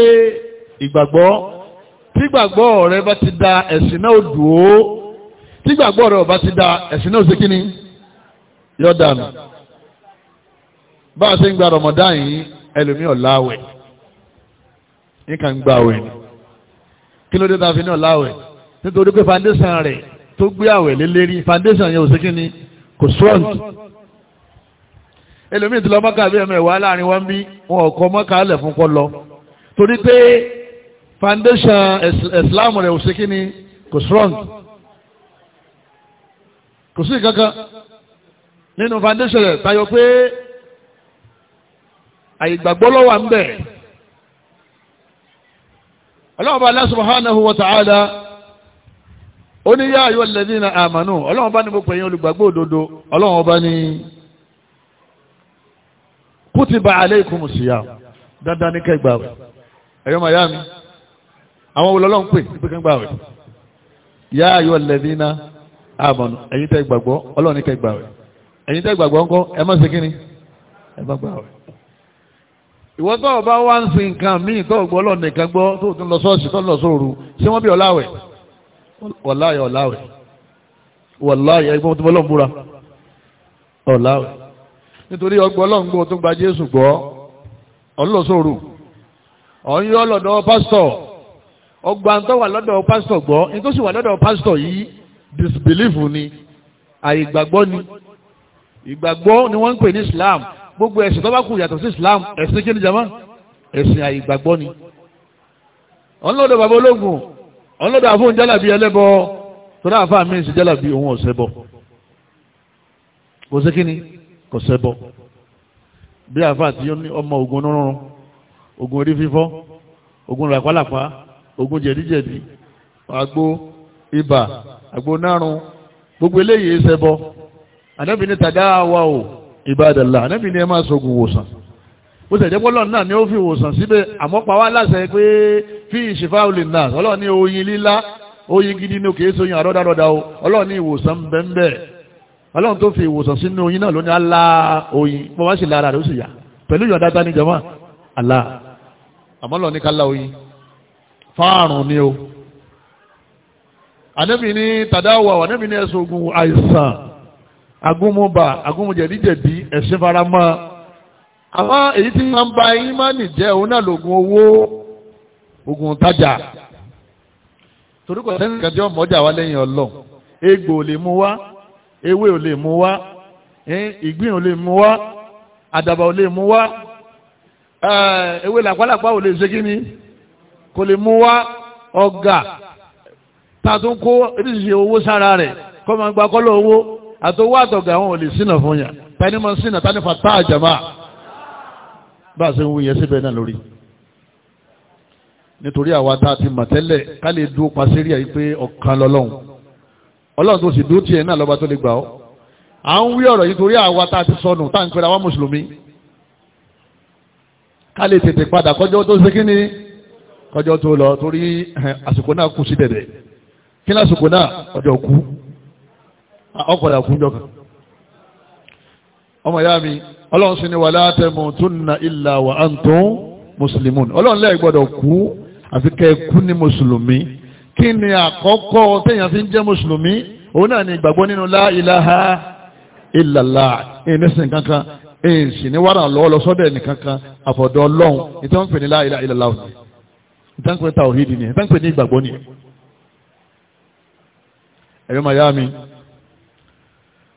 ìgbàgbọ́ tí rẹ bá ti da ẹ̀sìn náà dùn ó tí rẹ ò bá ti da ẹ̀sìn náà ṣe kí ni. yọ dànù bá a ṣe ń gba rọmọdán yìí ẹlòmíì ọ̀láwẹ̀ nìkan ń gbàwẹ̀ ni kí ló dé ta fi ní ọ̀láwẹ̀ nítorí pé foundation rẹ̀ tó gbé àwẹ̀ lélẹ́rí foundation yẹn ò sí kí ni kò strong ẹlòmíì ti lọ mọ́kà bí ẹ̀mọ ẹ̀wà láàrin wọn bí wọn ò kọ́ mọ́kà lẹ̀ fún kọ́ lọ torí pé foundation Islam rẹ̀ ò sí kí ni kò strong kò sí kankan nínú foundation rẹ̀ tayọ pé àìgbàgbọ́ ló wà ń bẹ̀. ọlọ́run bá Allah subhanahu wa ta'ala ó ní yá ayọ́ alladhina amanu ọlọ́run bá ní gbogbo ẹ̀yin olùgbàgbọ́ òdodo ọlọ́run bá ní kutiba alaykumus siyam dandan ní kẹgbà rẹ̀ ẹ̀yọ́ màyá mi àwọn olọ́lọ́run pè pé kẹgbà rẹ̀ yá ayọ́ alladhina amanu ẹ̀yin tẹ́ gbàgbọ́ ọlọ́run ní kẹgbà rẹ̀ ẹ̀yin tẹ́ gbàgbọ́ ńkọ́ ẹ má ṣe kíni ẹ má gbà wẹ̀. ìwọ tó o bá wá ń sin nǹkan míì tó o gbọ́ lọ nìkan gbọ́ tó o tún lọ sọ́ọ̀sì tó o lọ sóòru ṣé wọ́n bí ọ̀làwẹ̀ wọ̀láyà ọ̀làwẹ̀ wọ̀láyà ẹgbọ́n tó bọ́lọ́ ń búra ọ̀làwẹ̀ nítorí ọgbọ́ ọlọ́ngbọ́ tó gba Jésù gbọ́ ọ̀nlọ sóòru ọ̀nyọ́ lọ́dọ̀ pásítọ̀ ọgbàntọ́ wà lọ́dọ̀ pásítọ̀ gbọ́ nítòsí wà lọ́dọ̀ pásítọ̀ yìí disbelief ni àìgbàgbọ́ ni ìgbàgbọ́ ni wọ́n ń pè ní islam gbogbo ẹ̀sìn tó bá kù yàtọ̀ sí islam ẹ̀sìn kí ni jama ẹ̀sìn àìgbàgbọ́ ni ọlọ́dọ̀ bàbá ológun ọlọ́dọ̀ àfóhùn jálàbí ẹlẹ́bọ tọ́lá àfáà mi sì jálàbí òun ọ̀sẹ̀ bọ̀ kò sí kí ni kò sẹ́ bọ̀ bí àfáà tí ó ní ọmọ ogun rúnrún ogun orí fífọ́ ogun làpálàpá ogun jẹ̀díjẹ̀dí àgbo ibà àgbo nárun gbogbo eléyìí ṣẹbọ ànábì ní tàdá wa o ìbádàlá ànábì ní ẹ máa sọ̀gùn wòsàn ó tẹ̀jẹ́ pé ọlọ́run náà ni ó fi wòsàn síbẹ̀ àmọ́ pa wá láṣẹ pé fi ìṣèfà olè náà ọlọ́run ní oyin lílá oyin gidi ní òkèèso yin àrọ́dàrọ́dà o ọlọ́run ní ìwòsàn bẹ́ẹ̀ ọlọ́run tó fi ìwòsàn sínú oyin náà ló ní alá oyin bó wá sì lára rẹ̀ ó sì yá pẹ̀lú ìyọ̀dá tani jama alá àmọ́ lọ ní kálá oyin fáàrùn ni o ànábì ní tàdá wa ànábì ní ẹ̀sùn ogun àìsàn agúnmọ́ba agúnmọ́jẹ̀díjẹ̀dí ẹ̀sìn faramọ́ àwọn èyí tí wọ́n bá ìmánì jẹ́ òun náà lògùn owó ogun tajà torí kò sẹ́ni kan tí wọ́n mọ́jà wá lẹ́yìn ọlọ́run egbò ò lè mú wá ewé ò lè mú wá ìgbín ò lè mú wá àdàbà ò lè mú wá ewé làpálàpá ò lè ṣe kí ni kò lè mú wá ọ̀gà tá a tún kó oríṣiríṣi owó sára rẹ̀ kọ́ máa gba kọ́lọ̀ owó àtọwọ́ àtọ̀gà àwọn ò lè sínà fún yà tani mọ́ sínà tani fa tá àjàmá bá a ṣe ń wúyẹ síbẹ̀ náà lórí nítorí àwa tá a ti mọ̀ tẹ́lẹ̀ ká lè dúró pa sí rí àyí pé ọ̀kan lọ́lọ́run ọlọ́run tó sì dúró tiẹ̀ náà lọ́ba tó lè gbà ọ́ à ń wí ọ̀rọ̀ yìí torí àwa tá a ti sọnù tá à ń pera mùsùlùmí ká lè tètè padà kọjọ́ tó ṣe kí ni kọjọ́ tó lọ torí àsìkò náà kù sí dẹ̀dẹ̀ kí lásìkò náà ọjọ́ kú ọ̀pọ̀lá kúnjọ kan ọmọ ìyá mi ọlọ́run sì ni wala tamutunna illa wa antum muslimun ọlọ́run lẹ́ẹ̀ gbọ́dọ̀ kú àfi kẹ́ kú ní mùsùlùmí kí ni àkọ́kọ́ téèyàn fi ń jẹ́ mùsùlùmí òun náà ni ìgbàgbọ́ nínú la ilaha illallah ìnísìn kankan èsì ní wàrà lọ́wọ́ lọ sọ́dọ̀ ẹnì kankan àfọ̀dọ̀ ọlọ́run ìtàn ń pè ní la ilaha illallah òní ìtàn ń pè ní tàwíìdì ni ìtàn ń pè ní ìgbàgbọ́ ni ẹ̀yọ́ mi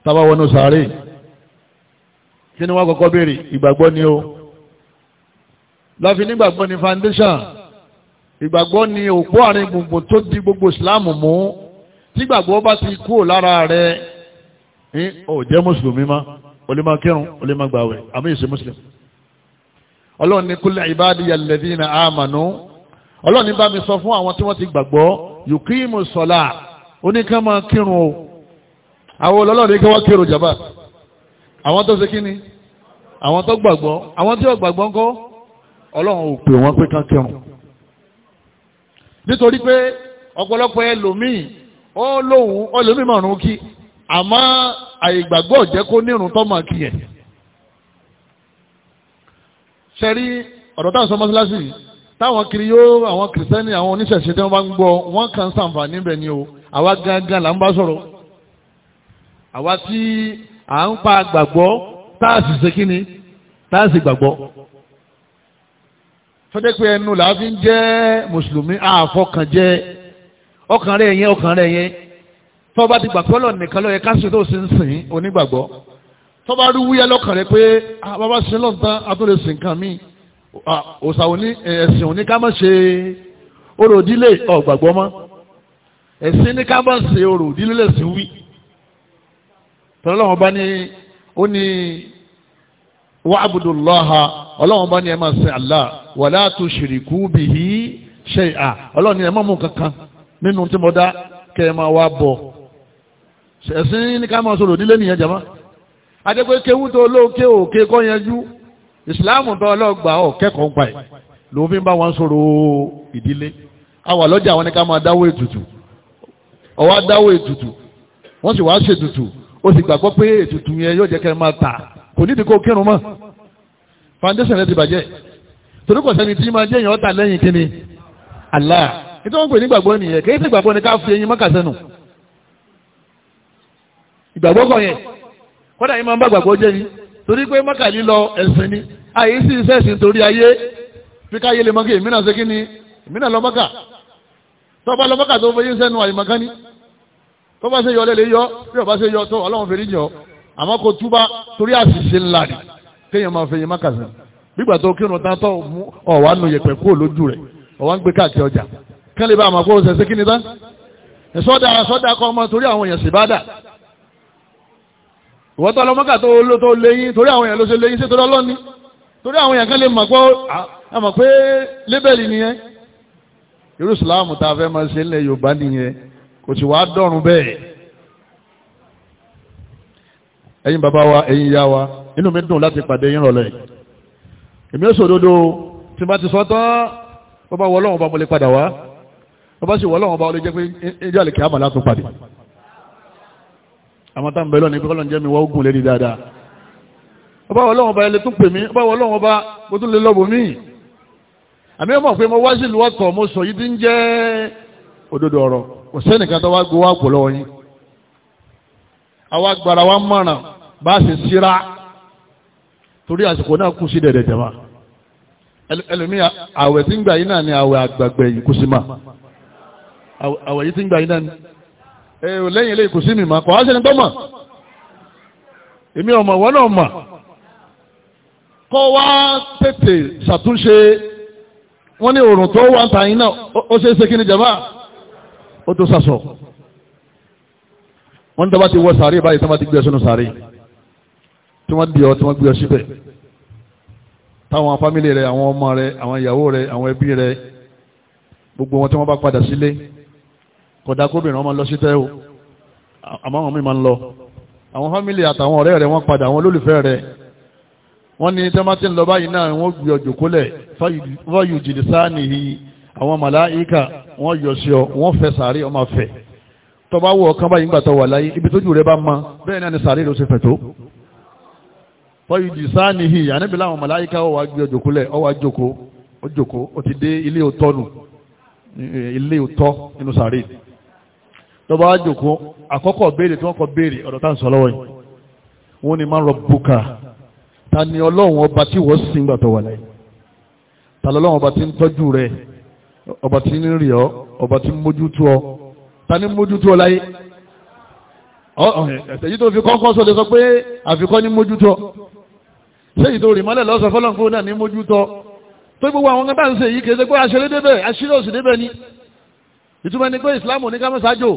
tábà wọnú sàárè kí ni wọ́n kọ́kọ́ béèrè ìgbàgbọ́ ni o láfi nígbàgbọ́ ni foundation ìgbàgbọ́ ni òpó àárín gbùngbùn tó di gbogbo ìsìláàmù mú tígbàgbọ́ bá ti kúrò lára rẹ̀ ní ọ̀jẹ́ mùsùlùmí má o lè máa kírun o lè máa gbàwẹ̀ àmì ìṣe mùsùlùmí ọlọ́run ní kul ibadiya alladhina amanu ọlọ́run ní bá mi sọ fún àwọn tí wọ́n ti gbàgbọ́ yuqimu sọ̀la oníkan máa kírun o àwọn olólọ́run ní kí wọ́n kírun jàmbá àwọn tó ṣe kí ni àwọn tó gbàgbọ́ àwọn tí ó gbàgbọ́ ń kọ́ ọlọ́run ò pè wọ́n pé ká kírun nítorí pé ọ̀pọ̀lọpọ̀ ẹlòmíì ó lóhun ọlòmíì mọ̀rún kí àmọ́ àìgbàgbọ́ jẹ́ kó nírun tọ́mọ kí ẹ̀ ṣẹ́rí ọ̀dọ̀ táwọn sọmọ́síláṣì táwọn kiri yóò àwọn kìrìsẹ́nì àwọn oníṣẹ̀ṣe tí wọ́n bá ń gbọ́ wọ́n kàn sàǹfà níbẹ̀ ni o àwa gangan là ń bá sọ̀rọ̀ àwa tí à ń pa gbàgbọ́ táàsì ṣe kí ni táàsì gbàgbọ́ fẹ́dẹ́ pé ẹnu làá fi ń jẹ́ mùsùlùmí àfọkàn jẹ́ ọkàn rẹ̀ yẹn ọkàn rẹ̀ yẹn tó bá ti gbàgbọ́ lọ nìkan ló yẹ ká ṣe tó sì ń sìn onígbàgbọ́ tó rí wúyẹ́ lọ́kàn rẹ̀ pé ah, bàbá ṣe lọ́ntán atúndé sìn kan mí òòsà òní ẹ̀sìn òní ká má ṣe orò òdílé ọ̀gbàgbọ́ mọ́ ẹ̀sìn ní ká má ṣe orò òdílé lẹ́sìn wí ọlọ́run ọba ní ó ní wa'budullaha ọlọ́run ọba ní ẹ máa sin Allah wala tushriku bihi shay'a ọlọ́run ní ẹ má mú kankan nínú tí mo dá kẹ́ ẹ máa wá bọ̀ ẹ̀sìn ní ká máa sọ̀rọ̀ nílé nìyẹn jama adégbé kéwú tó lóòkè òkè kọ́ yanjú ìsìláàmù tó ọlọ́gbà ọ̀ ń pa ẹ̀ ló bá wọn sọ̀rọ̀ ìdílé àwa lọ́jà wọn ni ká máa dáwó ètùtù ọwọ́ dáwó ètùtù wọ́n sì wá ṣètùtù ó sì gbàgbọ́ pé ètùtù yẹn yóò jẹ́ kẹ́ máa tà kò nídìí kó kírun mọ́ foundation rẹ ti bàjẹ́ torí kò sẹ́ni tí máa jẹ́ èèyàn ọ̀tà lẹ́yìn kíni Allah nítorí wọ́n pè ní gbàgbọ́ nìyẹn kì í sì gbàgbọ́ ni ká fi eyín mọ́kàsẹ́nu ìgbàgbọ́ kọ̀ yẹn kọ́dà yìí máa ń bá gbàgbọ́ jẹ́ ni torí pé mọ́kàlí lọ ẹ̀sìn ni àyè sì ń sẹ́sìn torí ayé fi káyé lè mọ́kì ìmínà ṣe kí ni ìmínà lọ mọ́kà tọ́ba lọ mọ́kà tó fẹ́ yín sẹ́nu àyè mọ́kání tó bá ṣe yọ lẹ́lẹ́ yọ bí ọba ṣe yọ tó ọlọ́run fèrè yọ àmọ́ kò túbá torí àṣìṣe ńlá ni kéèyàn máa fẹ̀yìn mákàsí gbígbà tó kírun tán tó mú ọ̀wá nu yẹ̀pẹ̀ kúrò lójú rẹ̀ ọ̀wá ń gbé káàkiri ọjà kẹ́lẹ́ bá àmọ́ kó ṣẹ̀ṣẹ̀ kí ni tán sọ́dà sọ́dà kọ́ ọmọ torí àwọn èèyàn sì bá dà ìwọ́n tó kò sì wá dọ̀rùn bẹ́ẹ̀ ẹ̀yin bàbá wa ẹ̀yin ìyá wa inú mi dùn láti pàdé yín rọ̀lẹ́ èmi ó sòdodo tí bá ti sọ tán bàbá wọ ọlọ́run bá mo lè padà wá bàbá sì wọ ọlọ́run bá olè jẹ́ pé ẹjọ́ àlèkè àmà látún padì àmọ́ tá ń bẹ̀rẹ̀ ní pẹ́kọ́lọ́ jẹ́ mi wá ogun lérí dáadáa bàbá wọ ọlọ́run bá ẹlẹ́ pè mí bàbá wọ ọlọ́run bá mo tún lè lọ́bù mí àmì ọmọ pé mo wá sílùú ọ̀tọ̀ mo sọ yìí ti ń jẹ́ òdodo ọ̀rọ̀ kò sẹ́nìkan tó wá gbowó àpò yín wa mọ̀ràn bá a sì síra torí àsìkò náà kù sí dẹ̀dẹ̀ jẹ̀ma ẹlòmíì àwẹ̀ tí ń gbà yín náà ni àwẹ̀ àgbàgbẹ̀ yìí kù sí ma àwẹ̀ yìí tí ń gbà yín náà ni ẹ̀rọ lẹ́yìn ilé mi á èmi wọn náà mà kọ́ wá tètè ṣàtúnṣe wọ́n ní òòrùn ó tó sàṣọ wọ́n ní tọ́ba ti wọ sàárè báyìí tọ́ba ti gbé ọ sínú sàárè tí wọ́n di ọ tí wọ́n gbé ọ síbẹ̀ táwọn fámìlì rẹ àwọn ọmọ rẹ àwọn ìyàwó rẹ àwọn ẹbí rẹ gbogbo wọn tí wọ́n bá padà sílé kódà kóbìnrin ọmọ lọ sí tẹ́ o àmọ́ àwọn míì máa ń lọ àwọn fámìlì àtàwọn ọ̀rẹ́ rẹ wọ́n padà àwọn olólùfẹ́ rẹ wọ́n ní tẹ́mátì ń lọ báyìí náà wọ́n gbé ọjọ́ kólẹ̀ fáyù jìdìsáà nìyí àwọn màláìka wọ́n yọ sí ọ wọ́n fẹ́ sàárè ọmọ fẹ́ tọba wọ ọkàn báyìí gbàtọ̀ wà láyé ibi tójú rẹ bá ma bẹ́ẹ̀ náà ni sàárè ló ṣe fẹ̀ tó wọ́n yìí sáà nìyí àníbi láwọn màláìka ọwà gbé ọjọ́kú lẹ̀ ọwà ọjọ́kó ó ti dé ilé òtọ́ nù ilé òtọ́ nínú sàárè tó bá àkọ́kọ́ béèrè tí wọ́n kọ béèrè ọ̀rọ̀ tá ń sọ lọ́wọ́ ọba tí ń rí ọ ọba tí ń mójútó ọ ta ní mójútó ọ láyé ẹ̀sẹ̀ yìí tó fi kọ́kọ́ sọ lè sọ pé àfikọ́ ní mójútó ṣé èyí tó rì mọ́lẹ̀ lọ́sọ̀ fọ́lọ́nkó náà ní mójútó tó gbogbo àwọn ọmọ ṣe yìí kéde pé aṣeré débẹ̀ aṣeré òsì débẹ̀ ni ìtumọ̀ ni pé ìsìlámù ní kámọ́ ṣáájò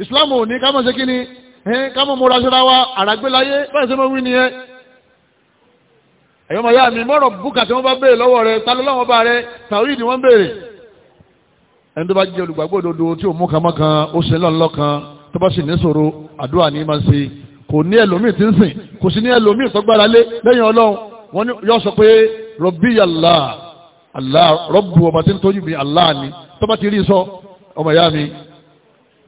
ìsìlámù ní kámọ́ ṣe kí ni kámọ́ mọ́ra ṣe ra wa àràgbélayé báyìí ṣe mọ́ wí nìyẹn ẹ̀yọ́ mọ̀ yá mi mọ́rọ̀ búkà tí wọ́n bá béèrè lọ́wọ́ rẹ̀ ta ló láwọn bá rẹ̀ tàwí ni wọ́n béèrè ẹni tó bá jẹ́ olùgbàgbọ́ òdodo tí ò mú kama kan ó ṣe lọ́nlọ́ kan tó bá sì ní ṣòro àdúrà ní máa ṣe kò ní ẹlòmíì tí ń sìn kò sí ní ẹlòmíì tó gbára lé lẹ́yìn ọlọ́run wọ́n yóò sọ pé rọ̀bí yàlá àlá rọ́bù ọba tí ń tọ́jú mi àlá ni tó bá ti rí sọ ọmọ ìyá mi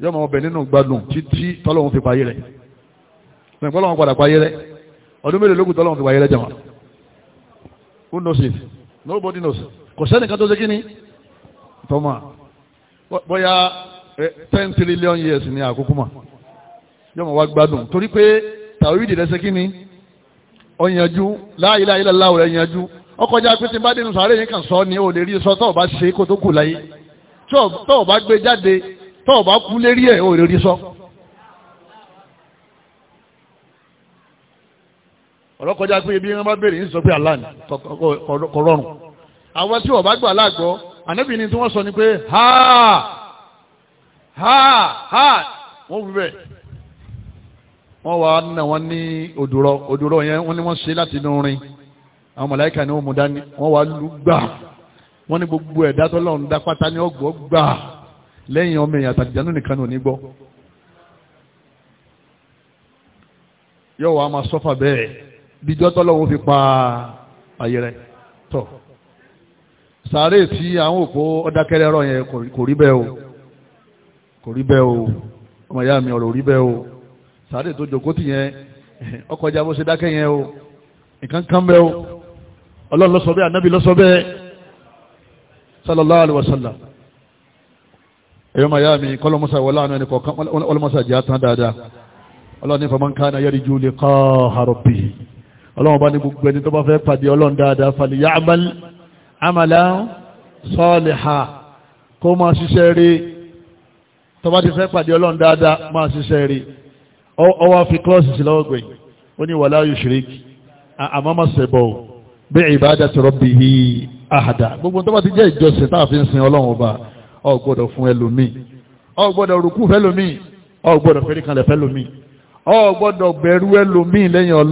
yọmọ ọbẹ̀ nínú gbádùn títí tọ́lọ́run who knows it nobody knows kò sẹ́nìkan tó ṣe kí ni tọ́mà bóyá ten trillion years ni àkókò mà yóò mọ̀ wá gbádùn torí pé tàwídì rẹ̀ ṣe kí ni ọ̀yànjú la ilaha illallah rẹ̀ yanjú ọkọjá pé tí bá dénú sàárè yín kàn sọ ni o lè rí sọ tọ́ọ̀ bá ṣe kó tó kù láyé tọ́ọ̀ bá gbé jáde tọ́ọ̀ bá kú lérí ẹ̀ o lè rí sọ. ọ̀rọ̀ kọjá pé ibi wọn bá béèrè ń sọ pé aláàní kọ rọrùn àwọn tí wọ́n bá gbà láàgbọ́ ànábì ni tí wọ́n sọ ni pé ha ha ha wọ́n fi bẹ́ẹ̀ wọ́n wà nà wọ́n ní òdùrọ̀ òdùrọ̀ yẹn wọ́n ní wọ́n ṣe láti inú rin àwọn mọ̀láìkà ni wọ́n mú dání wọ́n wà lù gbà wọ́n ní gbogbo ẹ̀dá tó lọ́run dá pátá ní ọgbọ́ gbà lẹ́yìn ọmọ èèyàn àtàlìjánú nìkan ní onígbọ́ yóò wá máa sọ́fà bẹ́ẹ̀ díjọ́ tọ́lọ́wọ́ fi pa ayé rẹ̀ tọ̀ sàárè tí àwọn òpó ọdákẹ́rẹ́ ọ̀rọ̀ yẹn kò rí bẹ́ẹ̀ o kò rí bẹ́ẹ̀ o ọmọ ìyá mi ọ̀rọ̀ rí bẹ́ẹ̀ o sàárè tó jòkó tì yẹn ọkọ̀ ọjà bó ṣe dákẹ́ yẹn o nǹkan kan bẹ́ẹ̀ o ọlọ́run ló bẹ́ẹ̀ anábì ló sọ bẹ́ẹ̀ sallallahu alaihi wasallam ẹ̀yọ́ ma yá mi kọlọmọsà wọláàánú ẹni kọ̀ọ̀kan ọlọmọsà jẹ́ àtàn dáadáa ọlọ́run ní ọlọ́run bá ní gbogbo ẹni tó bá fẹ́ pàdé ọlọ́run dáadáa fàlẹ̀ yá àmàlà sọ́ọ̀lẹ̀ha kó máa ṣiṣẹ́ rí tó bá ti fẹ́ pàdé ọlọ́run dáadáa máa ṣiṣẹ́ rí ọwọ́ fi klọ́ọ̀sì sí lọ́wọ́ gbẹ̀yìn ó ní wàlá yóò ṣiríkì àmọ́ bí ìbájá ti rọ́bì hí àhàdà gbogbo tó bá ti jẹ́ ìjọsìn tá a fi ń sin ọlọ́run ọba ọ fún ẹlòmíì ọ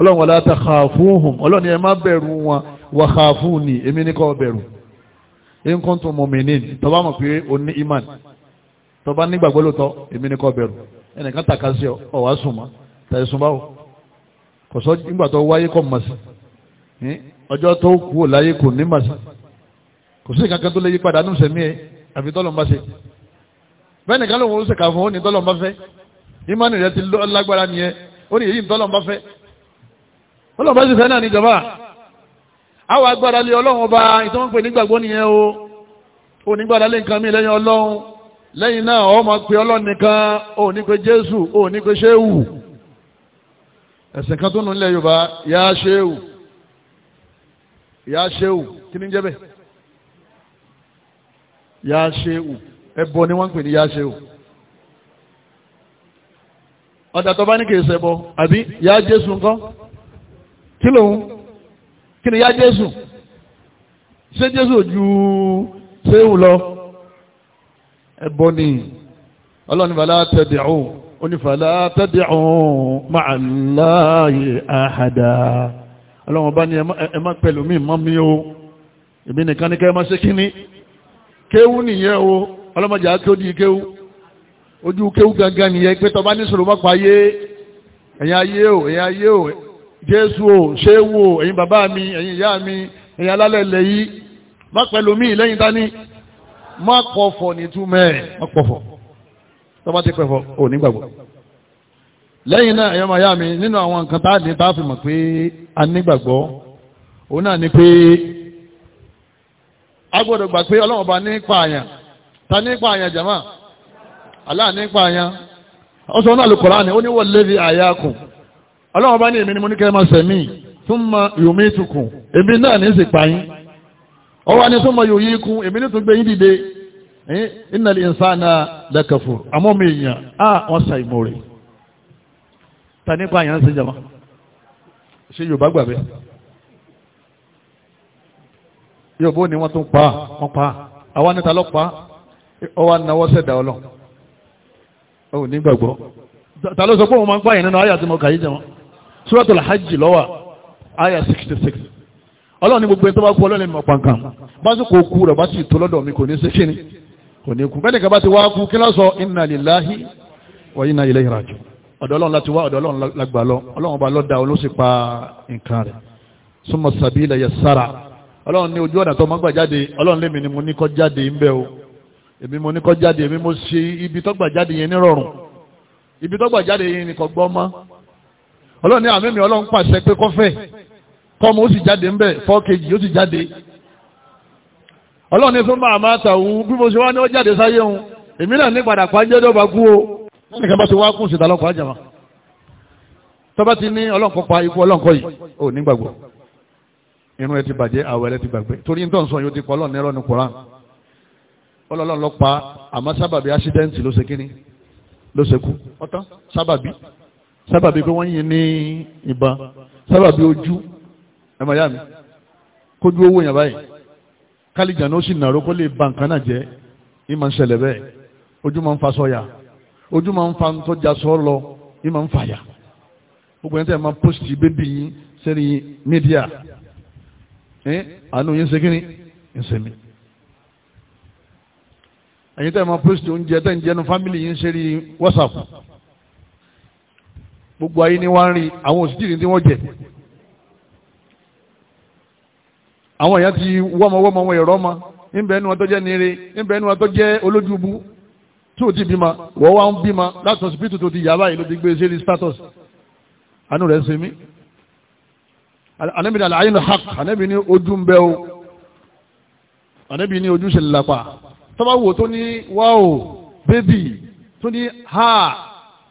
ọlọ́run wala takhafuhum ọlọ́run ẹ má bẹ̀rù wọn wa khafuni èmi ní kó bẹ̀rù in kuntum mu'minin tó bá mọ̀ pé o ní iman tó bá nígbàgbọ́ lóòótọ́ èmi ní kó bẹ̀rù ẹnìkan tàka sí ọ ọ̀wá sùn mọ́ tàyè sùn báwò kò sọ nígbà tó wáyé kọ́ mọ̀ sí hm? ọjọ́ tó kú ò láyé kò ní mọ̀ sí kò sí kankan tó lè yí padà nù sẹ́mi ẹ̀ àfi tọ́lọ̀ bá ṣe bẹ́ẹ̀ nìkan lòun ó ṣèkà fún ó ní tọ́lọ̀ bá fẹ́ ìmánì rẹ ti lágbára ọlọ́run bá sì fẹ́ náà níjọba àwọn agbára lé ọlọ́run ọba ìtọ́ ń pè nígbàgbọ́ nìyẹn o ò nígbàdá lé nǹkan míì lẹ́yìn ọlọ́run lẹ́yìn náà ọ máa pe ọlọ́run nìkan ò ní pe jésù ò ní pe ṣéwù ẹ̀sìn kan tó nù nílẹ̀ yorùbá yá ṣéwù yá ṣéwù kí ni jẹ́ bẹ́ẹ̀ yá ṣéwù ẹbọ ni wọ́n ń pè ní yá ṣéwù ọ̀dà tó bá ní kì í ṣẹbọ àbí yá jésù nǹkan kí lòun kí ni yá jésù ṣé jésù ju ṣéwù lọ ẹbọ ni ọlọ́ni fàlá tẹ̀dẹ̀ ọ̀hún ó ní fàlá tẹ̀dẹ̀ ọ̀hún máa láàyè àhàdà ọlọ́run bá ní ẹ má pẹ̀lú mi mọ́ mi o èmi nìkan ní kẹ́ ẹ má ṣe kíní kéwú nìyẹn o ọlọ́mọdé àti ó di kéwú ojú kéwú gangan nìyẹn pé tọba ní sọ̀rọ̀ mọ́pàá ayé ẹ̀yà ayé o ẹ̀yà ayé o jésù o ṣéwù o ẹ̀yin bàbá mi ẹ̀yin ìyá mi ẹ̀yin alálẹ̀lẹ̀ yìí má pẹ̀lú mí lẹ́yìn dání má pọ̀fọ̀ nìtúmẹ̀ má pọ̀fọ̀ tó bá ti pẹ̀fọ̀ ò nígbàgbọ́ lẹ́yìn náà ẹ̀yọ́ màá yá mi nínú àwọn nǹkan tá a ní tá a fi mọ̀ pé a nígbàgbọ́ òun náà ni pé a gbọ́dọ̀ gbà pé ọlọ́run ọba nípa àyàn ta nípa àyàn jàmá aláà nípa àyàn ọ̀sán náà lè Kùránì ó ní ọlọ́run bá ní èmi ni mo ní kẹ́ máa sẹ̀mí túnmọ̀ yòmí tukùn èmi náà ní sì pa yín ọwọ́ ni túnmọ̀ yòyí kún èmi ní tún gbé yín dìde innal insana lakafur àmọ́ mi èèyàn á wọ́n sa ìmọ̀ rẹ̀ ta nípa àyàn sí jama ṣe yorùbá gbàgbé yorùbá ni wọ́n tún pa wọ́n pa àwọn níta lọ pa ọwọ́ náwó sẹ̀dá ọlọ́ ò nígbàgbọ́ ta ló sọ pé òun máa ń pààyàn nínú ayé àti mọ̀ọ́kà yìí jẹ́ suratul hajj lọ́wà aya 66 ọlọ́run ní gbogbo ẹni tó bá kú ọlọ́run ní ọ̀pá nǹkan bá sì kò kú rẹ̀ bá sì tó lọ́dọ̀ mi kò ní ṣe kí kò ní kú bẹ́ẹ̀ bá ti wá kú kí lọ́sọ inna lillahi wa inna ilayhi raji'un ọ̀dọ̀ ọlọ́run láti wá ọ̀dọ̀ ọlọ́run pa nǹkan rẹ̀ sabila yassara ọlọ́run ní ojú ọ̀nà tó mọ́gbà jáde ọlọ́run ni mo ní kọ́ jáde ń bẹ́ o èmi mo ní kọ́ jáde èmi mo ṣe ibi tọ́gbà jáde yẹn nírọ̀rùn ibi tọ́gbà ọlọ́run ní àmẹ́mí ọlọ́run pàṣẹ pé kọ́fẹ́ kọ́mọ ó sì jáde ń bẹ̀ four kg ó sì jáde ọlọ́run ní fún máa máa tàwọn bí mo ṣe wá ní ó jáde sáyé òun èmi náà ní padà pàjẹ́ dọ́ba kú o nìkan bá ti wá kún síta lọ́kọ̀ àjàmá tọ́ba ti ní ọlọ́nkọ́ pa ikú ọlọ́nkọ́ yìí ò ní gbàgbọ́ irun ẹ ti bàjẹ́ àwẹ̀ rẹ ti gbàgbé torí nítorí sọ sábàbí pé wọ́n yìn ní ìbọn sábàbí ojú ẹ̀mọ̀ yá mi kójú owó yàn báyìí kálíjà ní ó sì nàró kó lè ba nǹkan náà jẹ́ ìmọ̀ ń ṣẹlẹ̀ bẹ́ẹ̀ ojú máa ń fa sọ́yà ojú máa ń fa tó já sọ́ lọ ìmọ̀ ń fàyà gbogbo ẹni tẹ́ ẹ̀ máa pósìtì bébì yín sẹ́ni mídíà àánú yín ṣe kíni ń ṣe mí ẹ̀yin tẹ́ ẹ̀ máa pósìtì oúnjẹ tẹ́ ń jẹnu fámìlì yín sẹ́ni wọ́sàpù gbogbo ayé ni wọ́n ń rí àwọn òsìtìrì tí wọ́n jẹ àwọn èèyàn ti wọ́mọwọ́mọ wọn ẹ̀rọ ma níbẹ̀ ẹnu ọtọ́ jẹ́ nire níbẹ̀ ẹnu ọtọ́ jẹ́ olójúbu tí ò ti bímọ wọ́n wá ń bímọ láti ọ̀sìpìtì tó ti yà báyìí ló ti gbé sí status àánú rẹ̀ ń sinmi ànábì ní àlàyé ní haq ànábì ní ojú ń bẹ o ànábì ní ojú ṣe lápá tọ́ba wo tó ní wáò bébì tó ní ha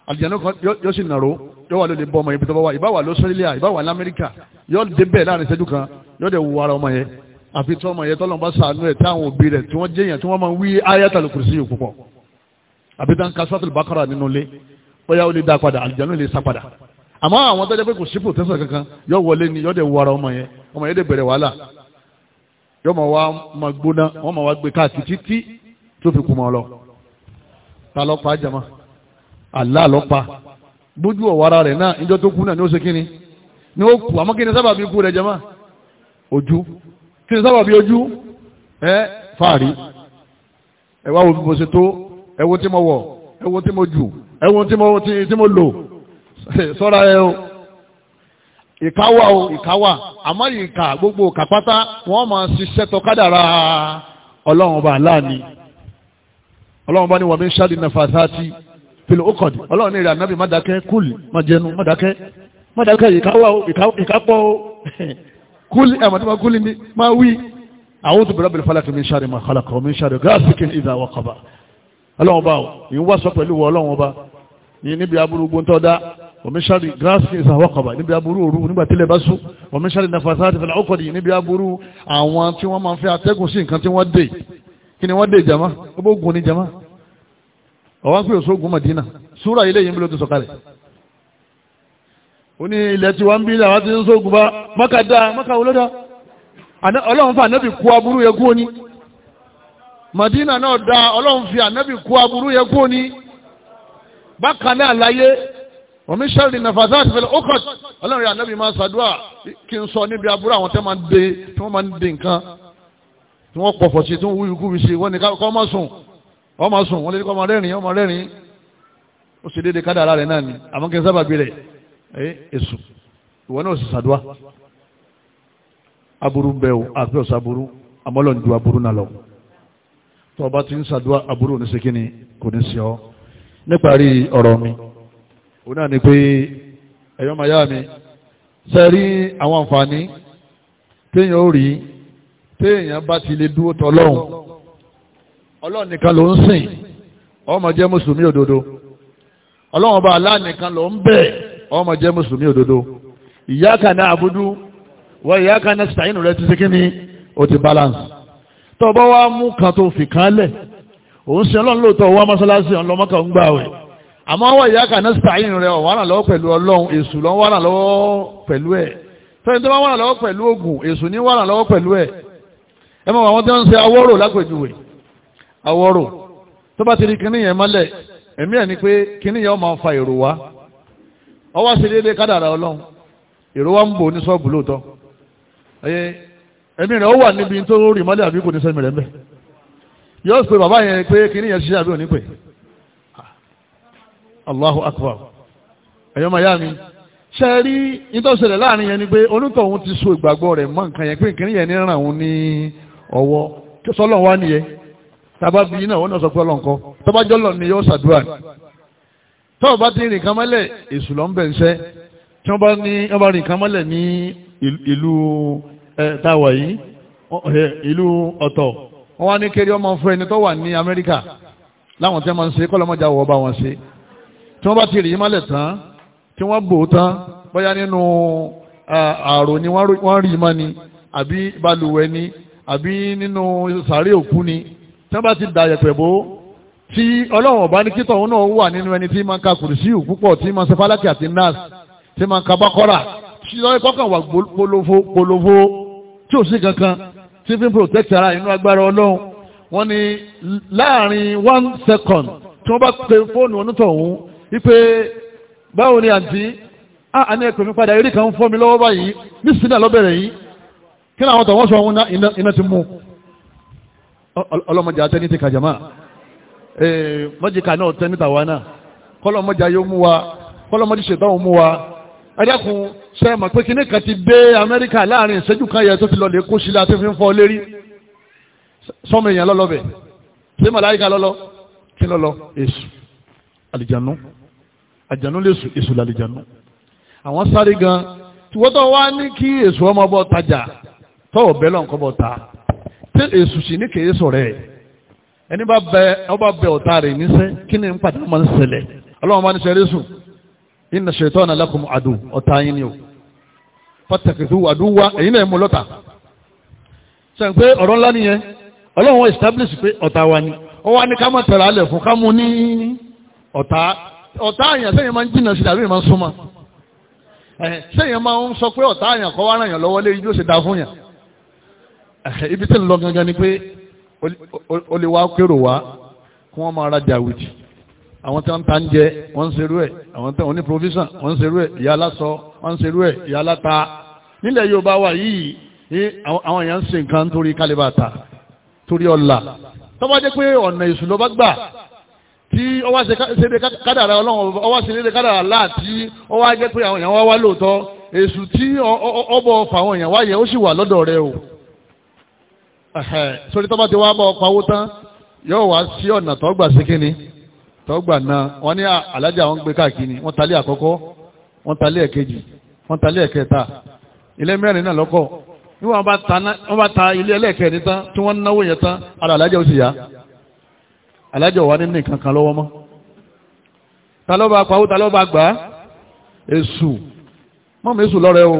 àlìjáná kan yọ sí nàró yóò wà ló lè bọ́ ọmọ yẹn bitọ́ bá wà ìbáwà lọ́sọ́lẹ́lẹ́à ìbáwà lamẹ́ríkà yóò dé bẹ́ẹ̀ láàrin ìṣẹ́jú kan yóò dẹ̀ wọ ara ọmọ yẹn àfi tí ọmọ yẹn tọ́lọ́mù bá sàánú ẹ̀ táwọn òbí rẹ̀ tí wọ́n jẹ́yàn tí wọ́n máa ń wí ayatul kursi yìí púpọ̀ àbí tá ń ka suratul nínú ilé bóyá ó lè dá padà àlùjánu lè sá padà àmọ́ àwọn tó jẹ́ pé kò sí pòtẹ́sọ̀ kankan yóò wọlé ni yóò dẹ̀ wọ ara ọmọ yẹn ọmọ yẹn dẹ̀ bẹ̀rẹ̀ wàhálà yóò máa wá máa gbóná wọ́n máa wá gbé káàkiri títí tó fi kú mọ́ lọ ta lọ́pàá jama Allah lọ́pàá bójú ọ̀wára rẹ̀ náà níjọ́ tó kú náà ni ó ṣe kíni ni ó kú àmọ́ kí ni sábàbí ikú rẹ̀ jẹ́mà ojú kí ni sábàbí ojú ẹ fàárí ẹ wá wo bí mo ṣe tó ẹ wo tí mo wọ̀ ẹ wo tí mo jù ẹ wo tí mo lò <laughs> sọ́ra ẹ o ìkáwà o ìkáwà àmọ́ ìkà gbogbo kàpátá wọ́n máa ṣiṣẹ́ tọ́kádàrá ọlọ́run ọba láàní ọlọ́run ọba ni wọ́n mi ń ṣáàdì nàfàṣà tí pèlè ó kọ̀dì ọlọ́run ní ìrìn ànábì má dákẹ́ kúlì má jẹnu má dákẹ́ má dákẹ́ ìkáwọ́ ìkápọ̀ <laughs> kúlì ẹ̀mọ̀ tí wọ́n kúlì ní má wí a'udhu bi rabbil falaq min sharri ma khalaq wa min sharri ghasiqin idha waqaba ọlọ́run bá ìyún wá sọ pẹ̀lú ọlọ́run bá ní níbi aburú gbóntọ́ dá wa min sharri ghasiqin idha waqaba níbi aburú òru nígbà tílẹ̀ bá sú wa min ọwọ́n pè òṣogun Madina súra ilé yìí ń bí ló ti sọ̀kalẹ̀ ó ní ilẹ̀ tí wọ́n ń bí ilẹ̀ àwọn ti ń sógun bá mọ́ka dáa mọ́ka olódà ọlọ́run fi ànábì kú aburú yẹ kú ó ní Madina náà dáa ọlọ́run fi ànábì kú aburú yẹ kú ó ní bákan náà láyé omi sẹ́rìn nàfàṣà àti fẹlẹ̀ ó kọ̀t ọlọ́run yà ànábì máa ṣàdúrà kí n sọ níbi aburú àwọn tẹ́ máa ń de tí wọ́n máa ń de nǹkan tí wọ́n pọ̀fọ̀ wọ́n máa sùn wọ́n lè kọ́ ọmọ rẹ́rìn ọmọ rẹ́rìn ó sì dédé kádàrá rẹ̀ náà ni àmọ́ kí n sábà gbé rẹ̀ èsù ìwọ náà sì sàdúà aburú bẹ́ẹ̀ o àfi ọ̀sà aburú àmọ́lọ̀ ń ju aburú náà lọ tó o bá ti ń sàdúà aburú ní sekínì kò ní sí ọ níparí ọ̀rọ̀ mi òun náà ni pé ẹ̀yọ́ màá yá mi sẹ́rí àwọn àǹfààní téèyàn ó rí téèyàn bá ti lè dúró tọ́lọ́hùn ọlọ́run nìkan ló ń sìn ọmọ jẹ́ mùsùlùmí òdodo ọlọ́run bá aláà nìkan ló ń bẹ̀ ọmọ jẹ́ mùsùlùmí òdodo iyyaka na'budu wa iyyaka nasta'in rẹ ti ṣe kí ni o ti balance tó wa wá mú kan tó fi kan lẹ̀ òun sin ọlọ́run lóòótọ́ wá mọ́sálásí ọ̀n lọ́mọ́kà ń gbà wẹ̀ àmọ́ wa iyyaka nasta'in rẹ ọ̀wárà lọ́wọ́ pẹ̀lú ọlọ́run èṣù lọ́ wárà lọ́wọ́ pẹ̀lú ẹ̀ fẹ́ni tó bá wárà lọ́wọ́ pẹ̀lú ògùn èṣù ní wárà lọ́wọ́ pẹ̀lú ẹ̀ ẹ mọ̀ àwọn tó ń ṣe awọ́rò lápèjúwe awọ́rò tó bá ti rí kíní yẹn mọ́lẹ̀ ẹ̀mí ẹ̀ ni pé kíní yẹn ó máa fa èrò wá ọwọ́ sí déédéé kádàrà ọlọ́run èrò wá ń bò ní sọ́ọ̀bù lóòótọ́ ẹ̀mí rẹ̀ ó wà níbi tó rí mọ́lẹ̀ àbí kò ní sẹ́mi rẹ̀ ń bẹ̀ yóò pe bàbá yẹn pé kíní yẹn ṣiṣẹ́ àbí òní pè Allahu akbar ẹ̀yọ́ mi ṣe rí láàrin yẹn ni pé ti so ìgbàgbọ́ rẹ̀ mọ́ nǹkan yẹn pé yẹn ní ràn òun ní ọwọ́ sọ́lọ́ wa nìyẹn tàbá bí iná wọn náà sọ pé ọlọ́nkọ́ tọ́ba jọ́lọ̀ ni yóò ṣàdúrà tọ́ọ̀ bá ti rìn kan mọ́lẹ̀ èṣù ló ń bẹ̀ ń ṣẹ́ tí wọ́n bá ní wọ́n bá rìn kan mọ́lẹ̀ ní ìlú táwa yìí ìlú ọ̀tọ̀ wọ́n wá ní kéré ọmọ fún ẹni tó wà ní Amẹ́ríkà láwọn tí wọ́n ń ṣe kọ́lọ́mọ́jà wọ́ bá wọn ṣe tí wọ́n bá ti rìn mọ́lẹ̀ tán tí wọ́n bò tán bóyá nínú ààrò ni wọ́n rí mọ́ ni àbí balùwẹ̀ ni àbí nínú sàárè òkú ni tí wọ́n bá ti dà yẹ̀pẹ̀ bó tí ọlọ́run ọba ní kítọ̀ òun náà wà nínú ẹni tí máa ń ka kùrìsíù púpọ̀ tí máa ń ṣe fálákì àti nas tí máa ń ka bákọ́rà tí lọ́yẹ́ kọ́kàn wà polówó polówó tí ò sí kankan tí fi ń protect ara inú agbára ọlọ́run wọ́n ní láàrin one second tí wọ́n bá pe fóònù onítọ̀hún wípé báwo ni àǹtí ah, a ní ẹ̀pẹ̀ mi padà eré kan fọ́ mi lọ́wọ́ báyìí nísìnyí àlọ́bẹ̀rẹ̀ yìí kí ni àwọn ọlọ́mọdé atẹ́ni ti kàjàmá mọ́jìká náà tẹ́ níta wa náà kọ́lọ́mọdé ayé mú wa kọ́lọ́mọdé ṣètọ́hún mú wa ẹ̀dẹ́kun ṣe mọ̀ pé kíní kan ti dé Amẹ́ríkà láàrin ìṣẹ́jú kan yẹ tó ti lọlé kó sílẹ̀ àti fi ń fọ́ lérí sọ́mọ èèyàn lọ́lọ́bẹ̀ ṣé màláyíká lọ́lọ́ kí lọ́lọ́ èṣù àlìjànú àjànú lèṣù èṣù làlìjànú àwọn sáré gan tiwọ́tọ̀ wá ní kí èṣù ọmọ bọ́ tajà tọ́wọ̀ bẹ́lọ̀ nǹkan bọ́ ta tí èsù sì ní kèé sọ̀rọ̀ ẹ̀ ẹni bá bẹ ọba bẹ ọ̀tá rẹ̀ níṣẹ́ kí ni padà máa ń ṣẹlẹ̀ ọlọ́run máa ń ṣe rẹ́sù inna ọ̀tá yín ni o pàtàkì tó wá èyí náà mú lọ́tà sẹ́yìn pé ọ̀rọ̀ ńlá nìyẹn ọlọ́run establish pé ọ̀tá wa ni ó wá ní ká má alẹ̀ fún ká mú ní ọ̀tá ọ̀tá àyàn sẹ́yìn máa ń jìnnà ibi tí ń lọ gangan ni pé o lè wá kérò wá kí wọ́n máa rajà wìtì àwọn tí wọ́n ta ń jẹ wọ́n ń serú ẹ̀ àwọn tí wọ́n ní provision wọ́n ń serú ẹ̀ ìyá aláṣọ wọ́n ń serú ẹ̀ ìyá aláta nílẹ̀ Yorùbá wà yìí ní àwọn èèyàn ń ṣe nǹkan torí kálíbàtà torí ọ̀la tó bá jẹ́ pé ọ̀nà ìṣùlọ bá gbà tí ọwá ṣe lè kádàrà ọlọ́run ọwá ṣe lè kádàrà láti ọwá jẹ́ pé àwọn èèyàn wá wá lóòótọ́ èṣù tí ọbọ̀ sórí tó bá ti wá bọ̀ ọ̀pọ̀ owó tán yóò wá sí ọ̀nà tọ́gbà sí kíni tọ́gbà náà wọ́n ní alájà wọn gbé káàkiri wọ́n talé àkọ́kọ́ wọ́n talé ẹ̀kejì wọ́n talé ẹ̀kẹta ilé mẹ́rin náà lọ́kọ̀ níwọ̀n bá ta ilé ẹlẹ́ẹ̀kẹ́ni tán tí wọ́n náwó yẹn tán ara alájà ó sì yá alájà wà nínú nǹkan kan lọ́wọ́ mọ́ ta ló bá pawó ta ló bá gbà á èṣù mọ́mí èṣù lọ́rẹ́ o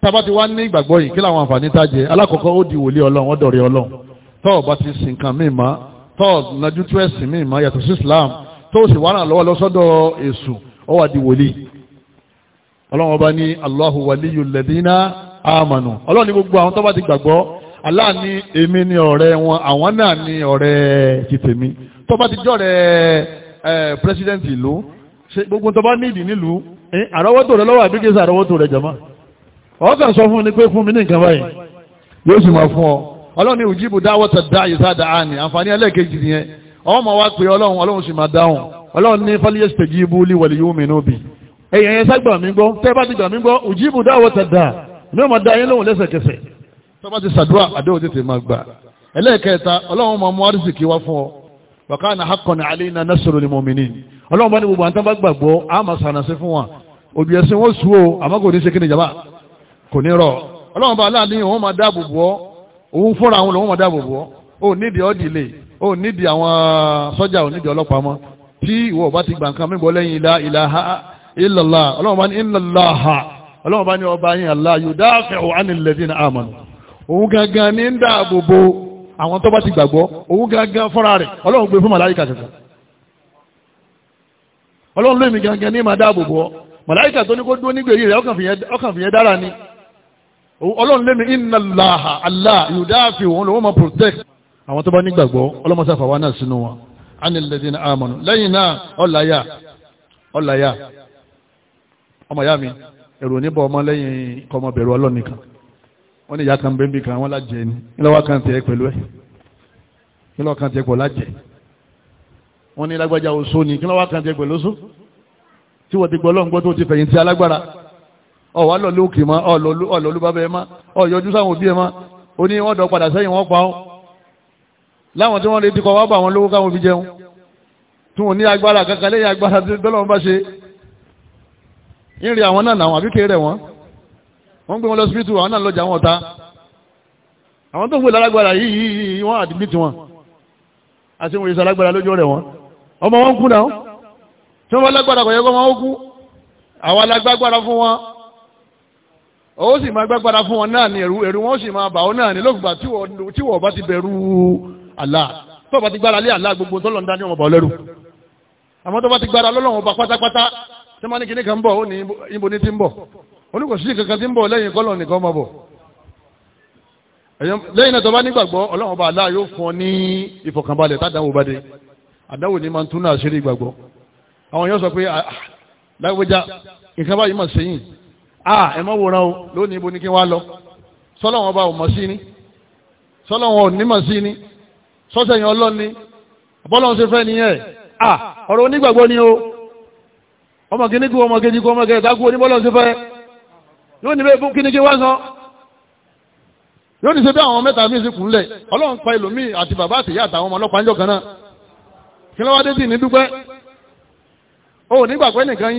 tába ti wá ní ìgbàgbọ́ yìí kí làwọn àǹfààní tá jẹ alákọ̀ọ́kọ́ ó di wòlíì ọlọ́run ọ̀dọ̀rẹ́ ọlọ́run tó o bá ti sin nǹkan míì mọ́ tó o nájú tó ẹ̀sìn míì yàtọ̀ sí Islam tó o sì wá ràn lọ́wọ́ lọ́sọ́dọ̀ èṣù ó wà di wòlíì ọlọ́run ọba ní Allahu waliyu ladina amanu ọlọ́run ní gbogbo àwọn tó bá ti gbàgbọ́ Allah ní èmi ni ọ̀rẹ́ wọn àwọn náà ní ọ̀rẹ́ ti tèmi tó bá ti jọ́rẹ́ ẹ̀ pírẹsidẹ́ǹtì ìlú gbogbo tó bá nídìí nílùú àrọ́wọ́tò rẹ lọ́wọ́ àbíkẹ́sì àrọ́wọ́tò rẹ jama ọ̀ọ́ kàn sọ fún ni pé fún mi ní nǹkan báyìí yóò sì máa fún ọ ọlọ́run ní òjìbù dáwọ́ tẹ̀ dá ìsá dá àní àǹfààní ẹlẹ́ẹ̀kejì nìyẹn ọwọ́ máa wá pé ọlọ́run ọlọ́run sì máa dáhùn ọlọ́run ní fọ́líyèsì tẹ̀jì ibú lì wọ̀lì yóò mìíràn bì ẹ̀yìn ẹ̀yẹ ságbà mí gbọ́ tẹ́ bá ti gbà mí gbọ́ òjìbù dáwọ́ tẹ̀ dá ní ọmọ dá kò ní rọ ọlọ́run bá aláàní òun máa dáàbò bọ́ òun fúnra àwọn lòun máa dáàbò bọ́ ó nídìí ọ́ ó nídìí àwọn sọ́jà ò nídìí ọlọ́pàá mọ́ tí ìwọ ọba ti gbà nǹkan lẹ́yìn ilá ìlàhà ìlàlá ọlọ́run bá ní ni ọlọ́run bá ní ọba yín Allah òun gangan ní dáàbò bo àwọn ti gbàgbọ́ òun gangan fúnra rẹ̀ ọlọ́run gbé fún ọlọ́run lóyún gangan ní tó ní kó dúró ọlọ́run lẹ́nu iná láha Allah yòdáàfì òun lọ́wọ́ máa protect àwọn tó bá nígbàgbọ́ ọlọ́mọsáfà wá náà sínú wọn anìlẹ́dín àmọ̀nù lẹ́yìn náà ọláyà ọláyà ọmọ ìyá mi ẹ̀rù oníbọ̀ ọmọ lẹ́yìn kọmọ bẹ̀rù ọlọ́run nìkan wọ́n ní ìyá kan bẹ́ẹ̀bì kan wọ́n lájẹ ni nílọ́wọ́ kan tiẹ̀ pẹ̀lú ẹ̀ nílọ́wọ́ kan tiẹ̀ pẹ̀lú lájẹ wọ́n ní lágbájá oṣó ni nílọ́wọ́ kan tiẹ̀ pẹ̀lú oṣó tí wọ́n ti gbọ́ ọlọ́run gbọ́ tó ti fẹ̀yìntì alágbára ọ̀wá lọ lókè mọ́ ọ̀lọ́ ló bá bẹ́ẹ̀ mọ́ ọ̀yọjú sáwọn òbí ẹ̀ mọ́ ó ní wọ́n dọ̀ padà sẹ́yìn wọ́n pa ọ́ láwọn tí wọ́n lè dikọ̀ wá bá wọn lówó káwọn fi jẹun tí wọ́n ní agbára kankan lẹ́yìn agbára tí dọ́lọ́wọ́n bá ṣe ń rí àwọn náà náà àbí kéré wọn wọ́n gbé wọn lọ síbítù àwọn náà lọ́jà wọn ọ̀tá àwọn tó ń gbé lálágbára yìí wọ́n àdìbìtì wọn àti wọ́n ó sì máa gbágbára fún wọn náà ni ẹ̀rù ẹ̀rù wọn sì máa bà ó náà ni lókùgbà tí wọ́n bá ti bẹ̀rù Allah tó bá ti gbára lé Allah gbogbo tó lọ́nda ní ọmọ bọ̀ lẹ́rù àmọ́ tó bá ti gbára lọ́lọ́wọ́n bá pátápátá tí wọ́n ní kíní kan bọ̀ ó ní ibo ní ti ń bọ̀ oníkòsí kankan ti ń bọ̀ lẹ́yìn kọ́lọ̀ nìkan máa bọ̀ lẹ́yìn náà tó bá nígbàgbọ́ Ọlọ́run bá Allah yóò fún ọ ní ìfọ̀kànbalẹ̀ tádàwò bá dé àdáwò ní máa ń tún náà ṣeré ìgbàgbọ́ àwọn Ah, ẹ mọ wòran o lónìí ibo ni kí n wá lọ sọlọ wọn bá ò mọ sí ni sọlọ wọn ò ní mọ sí ni sọsẹ yẹn ọlọni bọlọ ń ṣe fẹ nìyẹn a ọ̀rọ̀ onígbàgbọ́ ni o ọmọ kìíní kú ọmọ kejì kú ọmọ kejì ká oníbọlọ ṣe fẹ yóò ní bẹ́ẹ̀ kí ni kí wá sọ yóò ní ṣe bí àwọn mẹ́ta míì sí kúnlẹ̀ Ọlọ́run pa ẹlòmíì àti bàbá àtìyá àtàwọn ọmọ ọlọ́pàá ń jọ kan náà kí lọ́wọ́ dé sí ní dúpẹ́ o nígbàgbọ́ ẹnìkan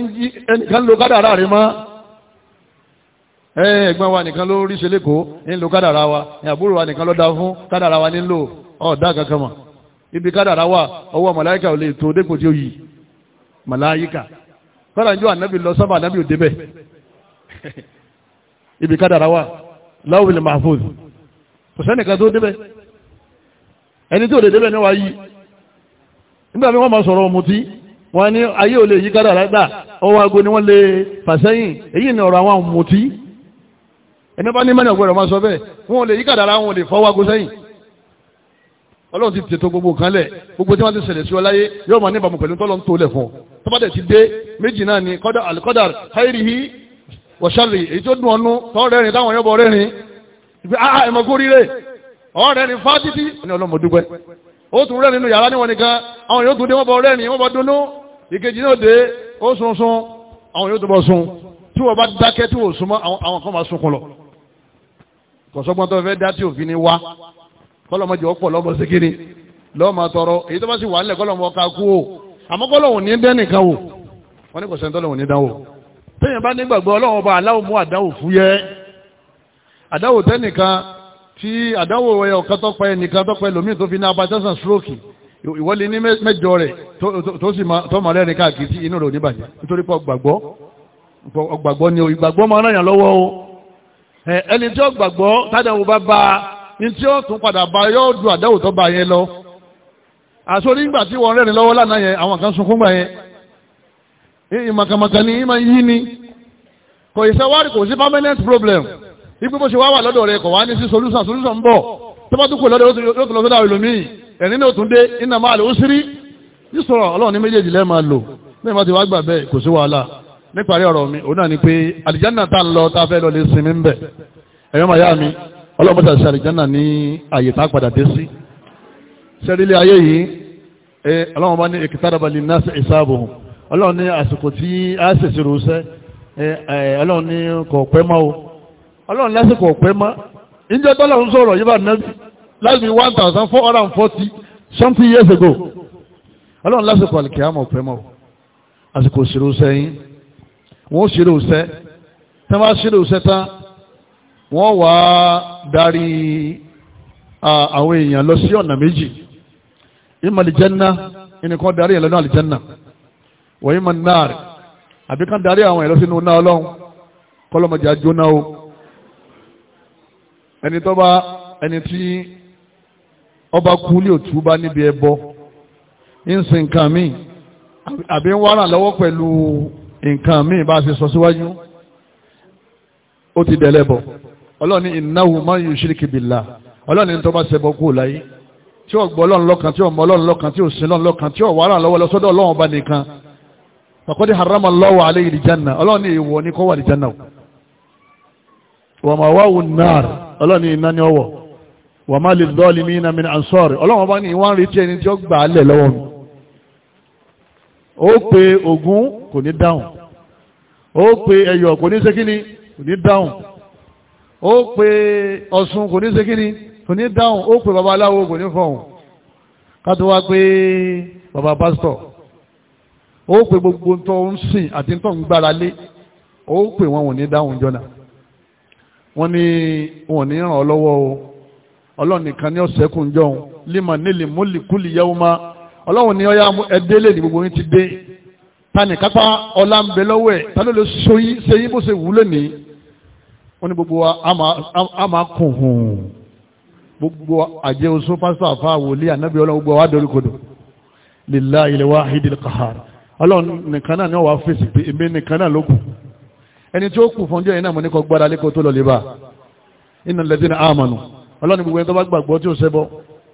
ń lo kádàrá rẹ̀ mọ́ ẹ̀gbọ́n wa nìkan ló rí ṣe lẹ́kọ̀ọ́ nílò kádàrá wa àbúrò wa nìkan ló dá fún kadara wa nílò ọ̀dá kankan mọ̀ ibi kadara wa ọwọ́ màláíkà ò lè tó dépò tí ó yìí màláíkà kọ́dà ànábì lọ sábà ànábì ò débẹ̀ <laughs> ibi kadara wa láwùlẹ̀ mahfuz kò sẹ́nìkan tó débẹ̀ ẹni tí lè débẹ̀ níwá yìí nígbà máa sọ̀rọ̀ ọmọ tí ní ayé ò lè yí gbà ọwọ́ ni ẹni bá ní mẹ́rin ọ̀gbẹ̀rẹ̀ máa sọ bẹ́ẹ̀ wọn ò lè yí kàdára wọn ò lè fọwọ́gó sẹ́yìn ọlọ́run ti tètò gbogbo nǹkan lẹ̀ gbogbo tí wọ́n ti ṣẹlẹ̀ sí ọ láyé yóò máa níbàmù pẹ̀lú tọ́lọ́ ń tó lẹ̀ fún ọ tó dẹ̀ ti dé méjì náà ni kọ́dà alikọ́dà káyìrìhì wọ̀ṣàlì èyí tó dùn ọnu tọ́ rẹ́rìn táwọn yọ̀bọ̀ rẹ́rìn ibi ah, ah ẹ̀mọ́ kó rírẹ̀ ọ̀ rẹ́rìn fásitì ẹni ọlọ́mọ dúpẹ́ ó tún rẹ́rìn nínú yàrá níwọ̀n nìkan àwọn yóò tún dé wọ́n bọ̀ rẹ́rìn wọ́n bọ̀ dunnú ìkejì náà dé ó sun sun àwọn yóò tún bọ̀ sun tí wọ́n bá dákẹ́ tí wọ́n sun mọ́ àwọn kan máa sunkún lọ kọ̀sọ́gbọ́n tó fẹ́ dá tí òfin ni wá kọ́lọ́mọdé ọ̀pọ̀ lọ́mọ sí kiri lọ́mọ tọrọ èyí tó bá sì wà nílẹ̀ kọ́lọ́mọ ọ̀ka kú o àmọ́ kọ́lọ́hùn ní dẹ́nìkan o wọ́n ní kò sẹ́ni tọ́lọ́hùn ní dánwò téèyàn bá nígbàgbọ́ ọlọ́run ọba aláwọ̀ mú àdáwò fúyẹ́ àdáwò tẹ́nìkan tí àdáwò ẹ̀ ọ̀kan tọ́pẹ́ nìkan tọ́pẹ́ lómi tó fi ní abatẹ́sàn stroke ìwọ́lé ní mẹ́jọ rẹ̀ tó sì tọ́mọ̀ rẹ̀ káàkiri inú rẹ̀ ò ní bàjẹ́ nítorí pé ọgbàgbọ́ ọgbàgbọ́ ni ìgbàgbọ́ máa ń ràn yàn lọ́wọ́ o ẹni tí ó gbàgbọ́ tádàwò bá bá ní tí ó tún padà bá yóò du àdáwò tó bá yẹn lọ àsórí ìgbà tí wọ́n rẹ́rìn lọ́wọ́ lánàá yẹn àwọn kan sunkún gbà yẹn ìmọ̀kàmọ̀kà ni ìmọ̀ yí ni kò ìṣẹ́ wá rí kò sí permanent problem ipò bó ṣe wá wà lọ́dọ̀ rẹ̀ kò wá ní sí solution solution ń bọ̀ tó bá tún lọ́dọ̀ yóò tún lọ sọ́dọ̀ ẹlòmíì ẹ̀rín ní òtún dé iná máa ó sírí yìí sọ̀rọ̀ ọlọ́run níparí ọ̀rọ̀ mi òun náà ni pé àlìjánà tá ń lọ tá a fẹ́ lọ lè sinmi ń bẹ̀ ẹ̀yọ́ màyá mi ọlọ́mọdé àti àlìjánà ní àyè tá a padà dé sí sẹ́rílẹ̀ ayé yìí ẹ ọlọ́run bá ní iqtaraba linnas hisabuhum ọlọ́run ní àsìkò tí a ṣèṣì rúṣẹ́ ọlọ́run ní kò pẹ́ mọ́ o ọlọ́run lásìkò pẹ́ mọ́ ìjọ tọ́lọ́run sọ̀rọ̀ yìí one thousand four hundred forty something years ago ọlọ́run lásìkò àlìkè àmọ̀ pẹ́ mọ́ o àsìkò ṣèrúṣẹ́ yìí wọ́n ṣeré òṣẹ́ tí wọ́n bá ṣeré òṣẹ́ tán wọ́n wá darí àwọn èèyàn lọ sí ọ̀nà méjì ìmọ̀ àlìjẹ́nà ìnìkan darí ẹ̀ lọ́nà àlìjẹ́nà wọ́n ìmọ̀ náà rẹ̀ àbí kan darí àwọn ẹ̀ lọ sínú náà ọlọ́run kọ́lọ́mọdé àjóná o ẹni tó bá ẹni tí ọba kú lè tú bá níbi ẹbọ ń sin nǹkan míì àbí ń wá lọ́wọ́ pẹ̀lú nǹkan míì bá ṣe sọ síwájú ó ti dẹ̀lẹ́bọ̀ ọlọ́ni innahu man yushrik billah ọlọ́ni tó bá ṣẹbọ kú láyé tí ó gbọ́ ọlọ́run lọ́kan tí ó mọ ọlọ́run lọ́kan tí ó sin ọlọ́run lọ́kan tí ó wàrà lọ́wọ́ lọ́sọ́dọ̀ ọlọ́run ọba nìkan faqad harrama Allahu alayhi al-janna ọlọ́ni ìwọ ní kọ́ wà ní janna wa ma'wahu an-nar ọlọ́ni iná ọwọ́ ó pe Ògún kò ní dáhùn ó pe ẹ̀yọ̀ kò ní ṣe kíni kò ní dáhùn ó pe Ọ̀ṣun kò ní ṣe kíni kò ní dáhùn ó pe babaláwo kò ní fọ̀hùn ká tó wá pé baba pásítọ̀ ó pe gbogbo tó ń sìn àti tó ń gbára lé ó pe wọn ò ní dáhùn jọ́nà wọ́n ní wọ́n ní ràn ọ́ lọ́wọ́ o ọlọ́run nìkan ní ọ̀sẹ̀kùn jọun lima nílì múlìkúlì yawma ọlọ́run ni ọya ẹdẹ ni ní gbogbo yín ti dé tani kápá ọlá ń bẹ lọ́wọ́ ẹ̀ ta ló lè soyí seyín bó ṣe wúlò ní wọ́n ní gbogbo wa a máa kùn hùn gbogbo àjẹ́ oṣù pásítọ̀ àfa wòlíì ànábì ọlọ́run gbogbo wa dorí kodò lillahi al-wahidil qahhar ọlọ́run nìkan náà ni wọ́n wá fèsì pé èmi nìkan náà ló kù ẹni tí ó kù fọ́njọ́ yẹn náà mo ní kọ́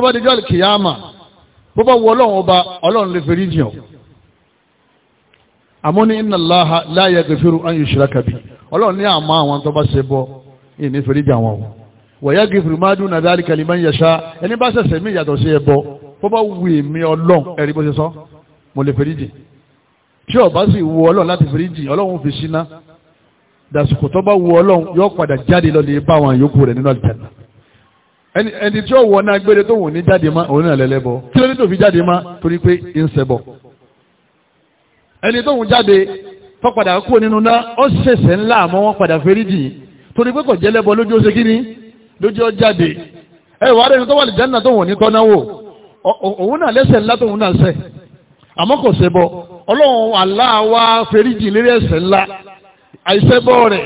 tó bá dijọ́ kìyàmà bó bá wọ ọlọ́run ọba ọlọ́run lè fèrè jìn ọ́ àmọ́ ní inna Allaha la yaghfiru an yushraka bihi ọlọ́run ní àmọ́ àwọn tó bá ṣe bọ́ ìní fèrè jìn àwọn wa yaghfiru ma duna dhalika liman yasha ẹni bá ṣẹ̀ṣẹ̀ mí ìyàtọ̀ sí ẹbọ bó bá wù mí ọlọ́run ẹ̀rí bó ṣe sọ mo lè fèrè jìn tí ọba sì wù ọlọ́run láti fèrè jìn ọlọ́run fi síná dàsìkò tó bá wù ọlọ́run yóò padà jáde lọ lè bá àwọn yòókù rẹ̀ nínú àlùjánnà ẹni tí ó wọ náà gbére tó wùn ní jáde má òun náà lẹ́lẹ́bọ kí ló ní tó fi jáde má torí pé ń ṣẹbọ ẹni tó wùn jáde tó padà kú nínú náà ó ṣẹ̀ṣẹ̀ ńlá àmọ́ wọ́n padà fẹ́rí jì torí pé kò jẹ́lẹ́bọ lójú ó ṣe kí ni lójú ó jáde ẹ wà rẹ̀ tó wà lè jáde náà tó wùn ní tọ́náwó òun náà lẹ́ṣẹ̀ ńlá tó wùn náà ṣẹ̀ àmọ́ kò ṣẹbọ ọlọ́run aláwa fẹ́rí jì lérí ẹ̀ṣẹ̀ ńlá àìṣẹbọ rẹ̀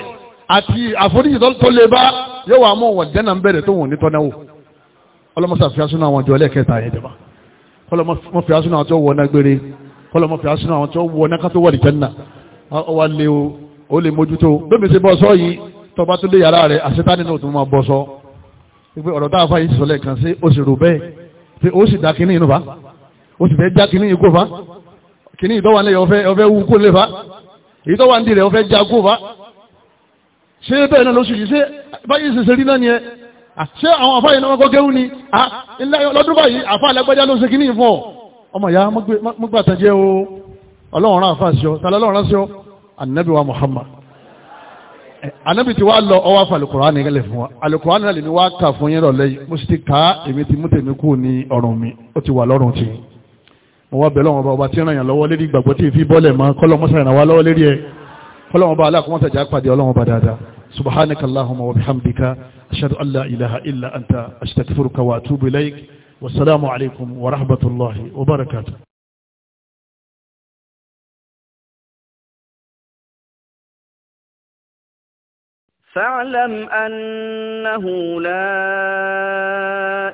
àti àforíjì tó lè bá yóò wà mọ́ wọn jẹ́nà ń bẹ̀rẹ̀ tó wọ̀n ní tọ́náwó ọlọ́mọsà fi asúnà àwọn jọ lẹ́ẹ̀kẹta yẹn jẹba kọlọmọ fi asúnà àwọn tó wọ ọ̀nà gbére kọlọmọ fi asúnà àwọn tó wọ ọ̀nà kátó wà ní jẹ́nà ọwà lè o lè mójútó bébè ṣe bọ́sọ́ yìí tọba tó lé yàrá rẹ̀ àṣetánì náà tó máa bọ́sọ́ pé ọ̀rọ̀ tá a fà yìí ti sọlẹ̀ kan sí ó sì rò bẹ́ẹ̀ pé ó fa ó sì fẹ́ já kinní yìí kó fa ṣé bẹ́ẹ̀ náà ló sì rí ṣé báyìí ṣe rí náà ni ẹ ṣé àwọn àfáà iná ọkọ̀ gẹ́rù ni lọ́dún báyìí àfáà alágbájá ló ṣe kí ní ìfọ̀ ọmọ ìyá mọ́gbà tán jẹ́ o ọlọ́run rán àfáà sí ọ tàbí ọlọ́run sí ọ ànábì wa Muhammad ànábì tí wàá lọ ọwọ́ àfà Al-Qur'an nígbà fún wa Al-Qur'an náà lè ní wàá kà fún yín rọ̀lẹ́ yìí mo sì ti kà á èmi ti mú tèmi kú ní ọ̀rùn mi ó ti ọba dáadáa سبحانك اللهم وبحمدك أشهد أن لا إله إلا أنت أستغفرك وأتوب إليك والسلام عليكم ورحمة الله وبركاته فاعلم أنه لا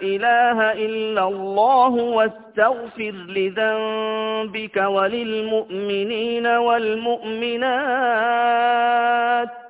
إله إلا الله واستغفر لذنبك وللمؤمنين والمؤمنات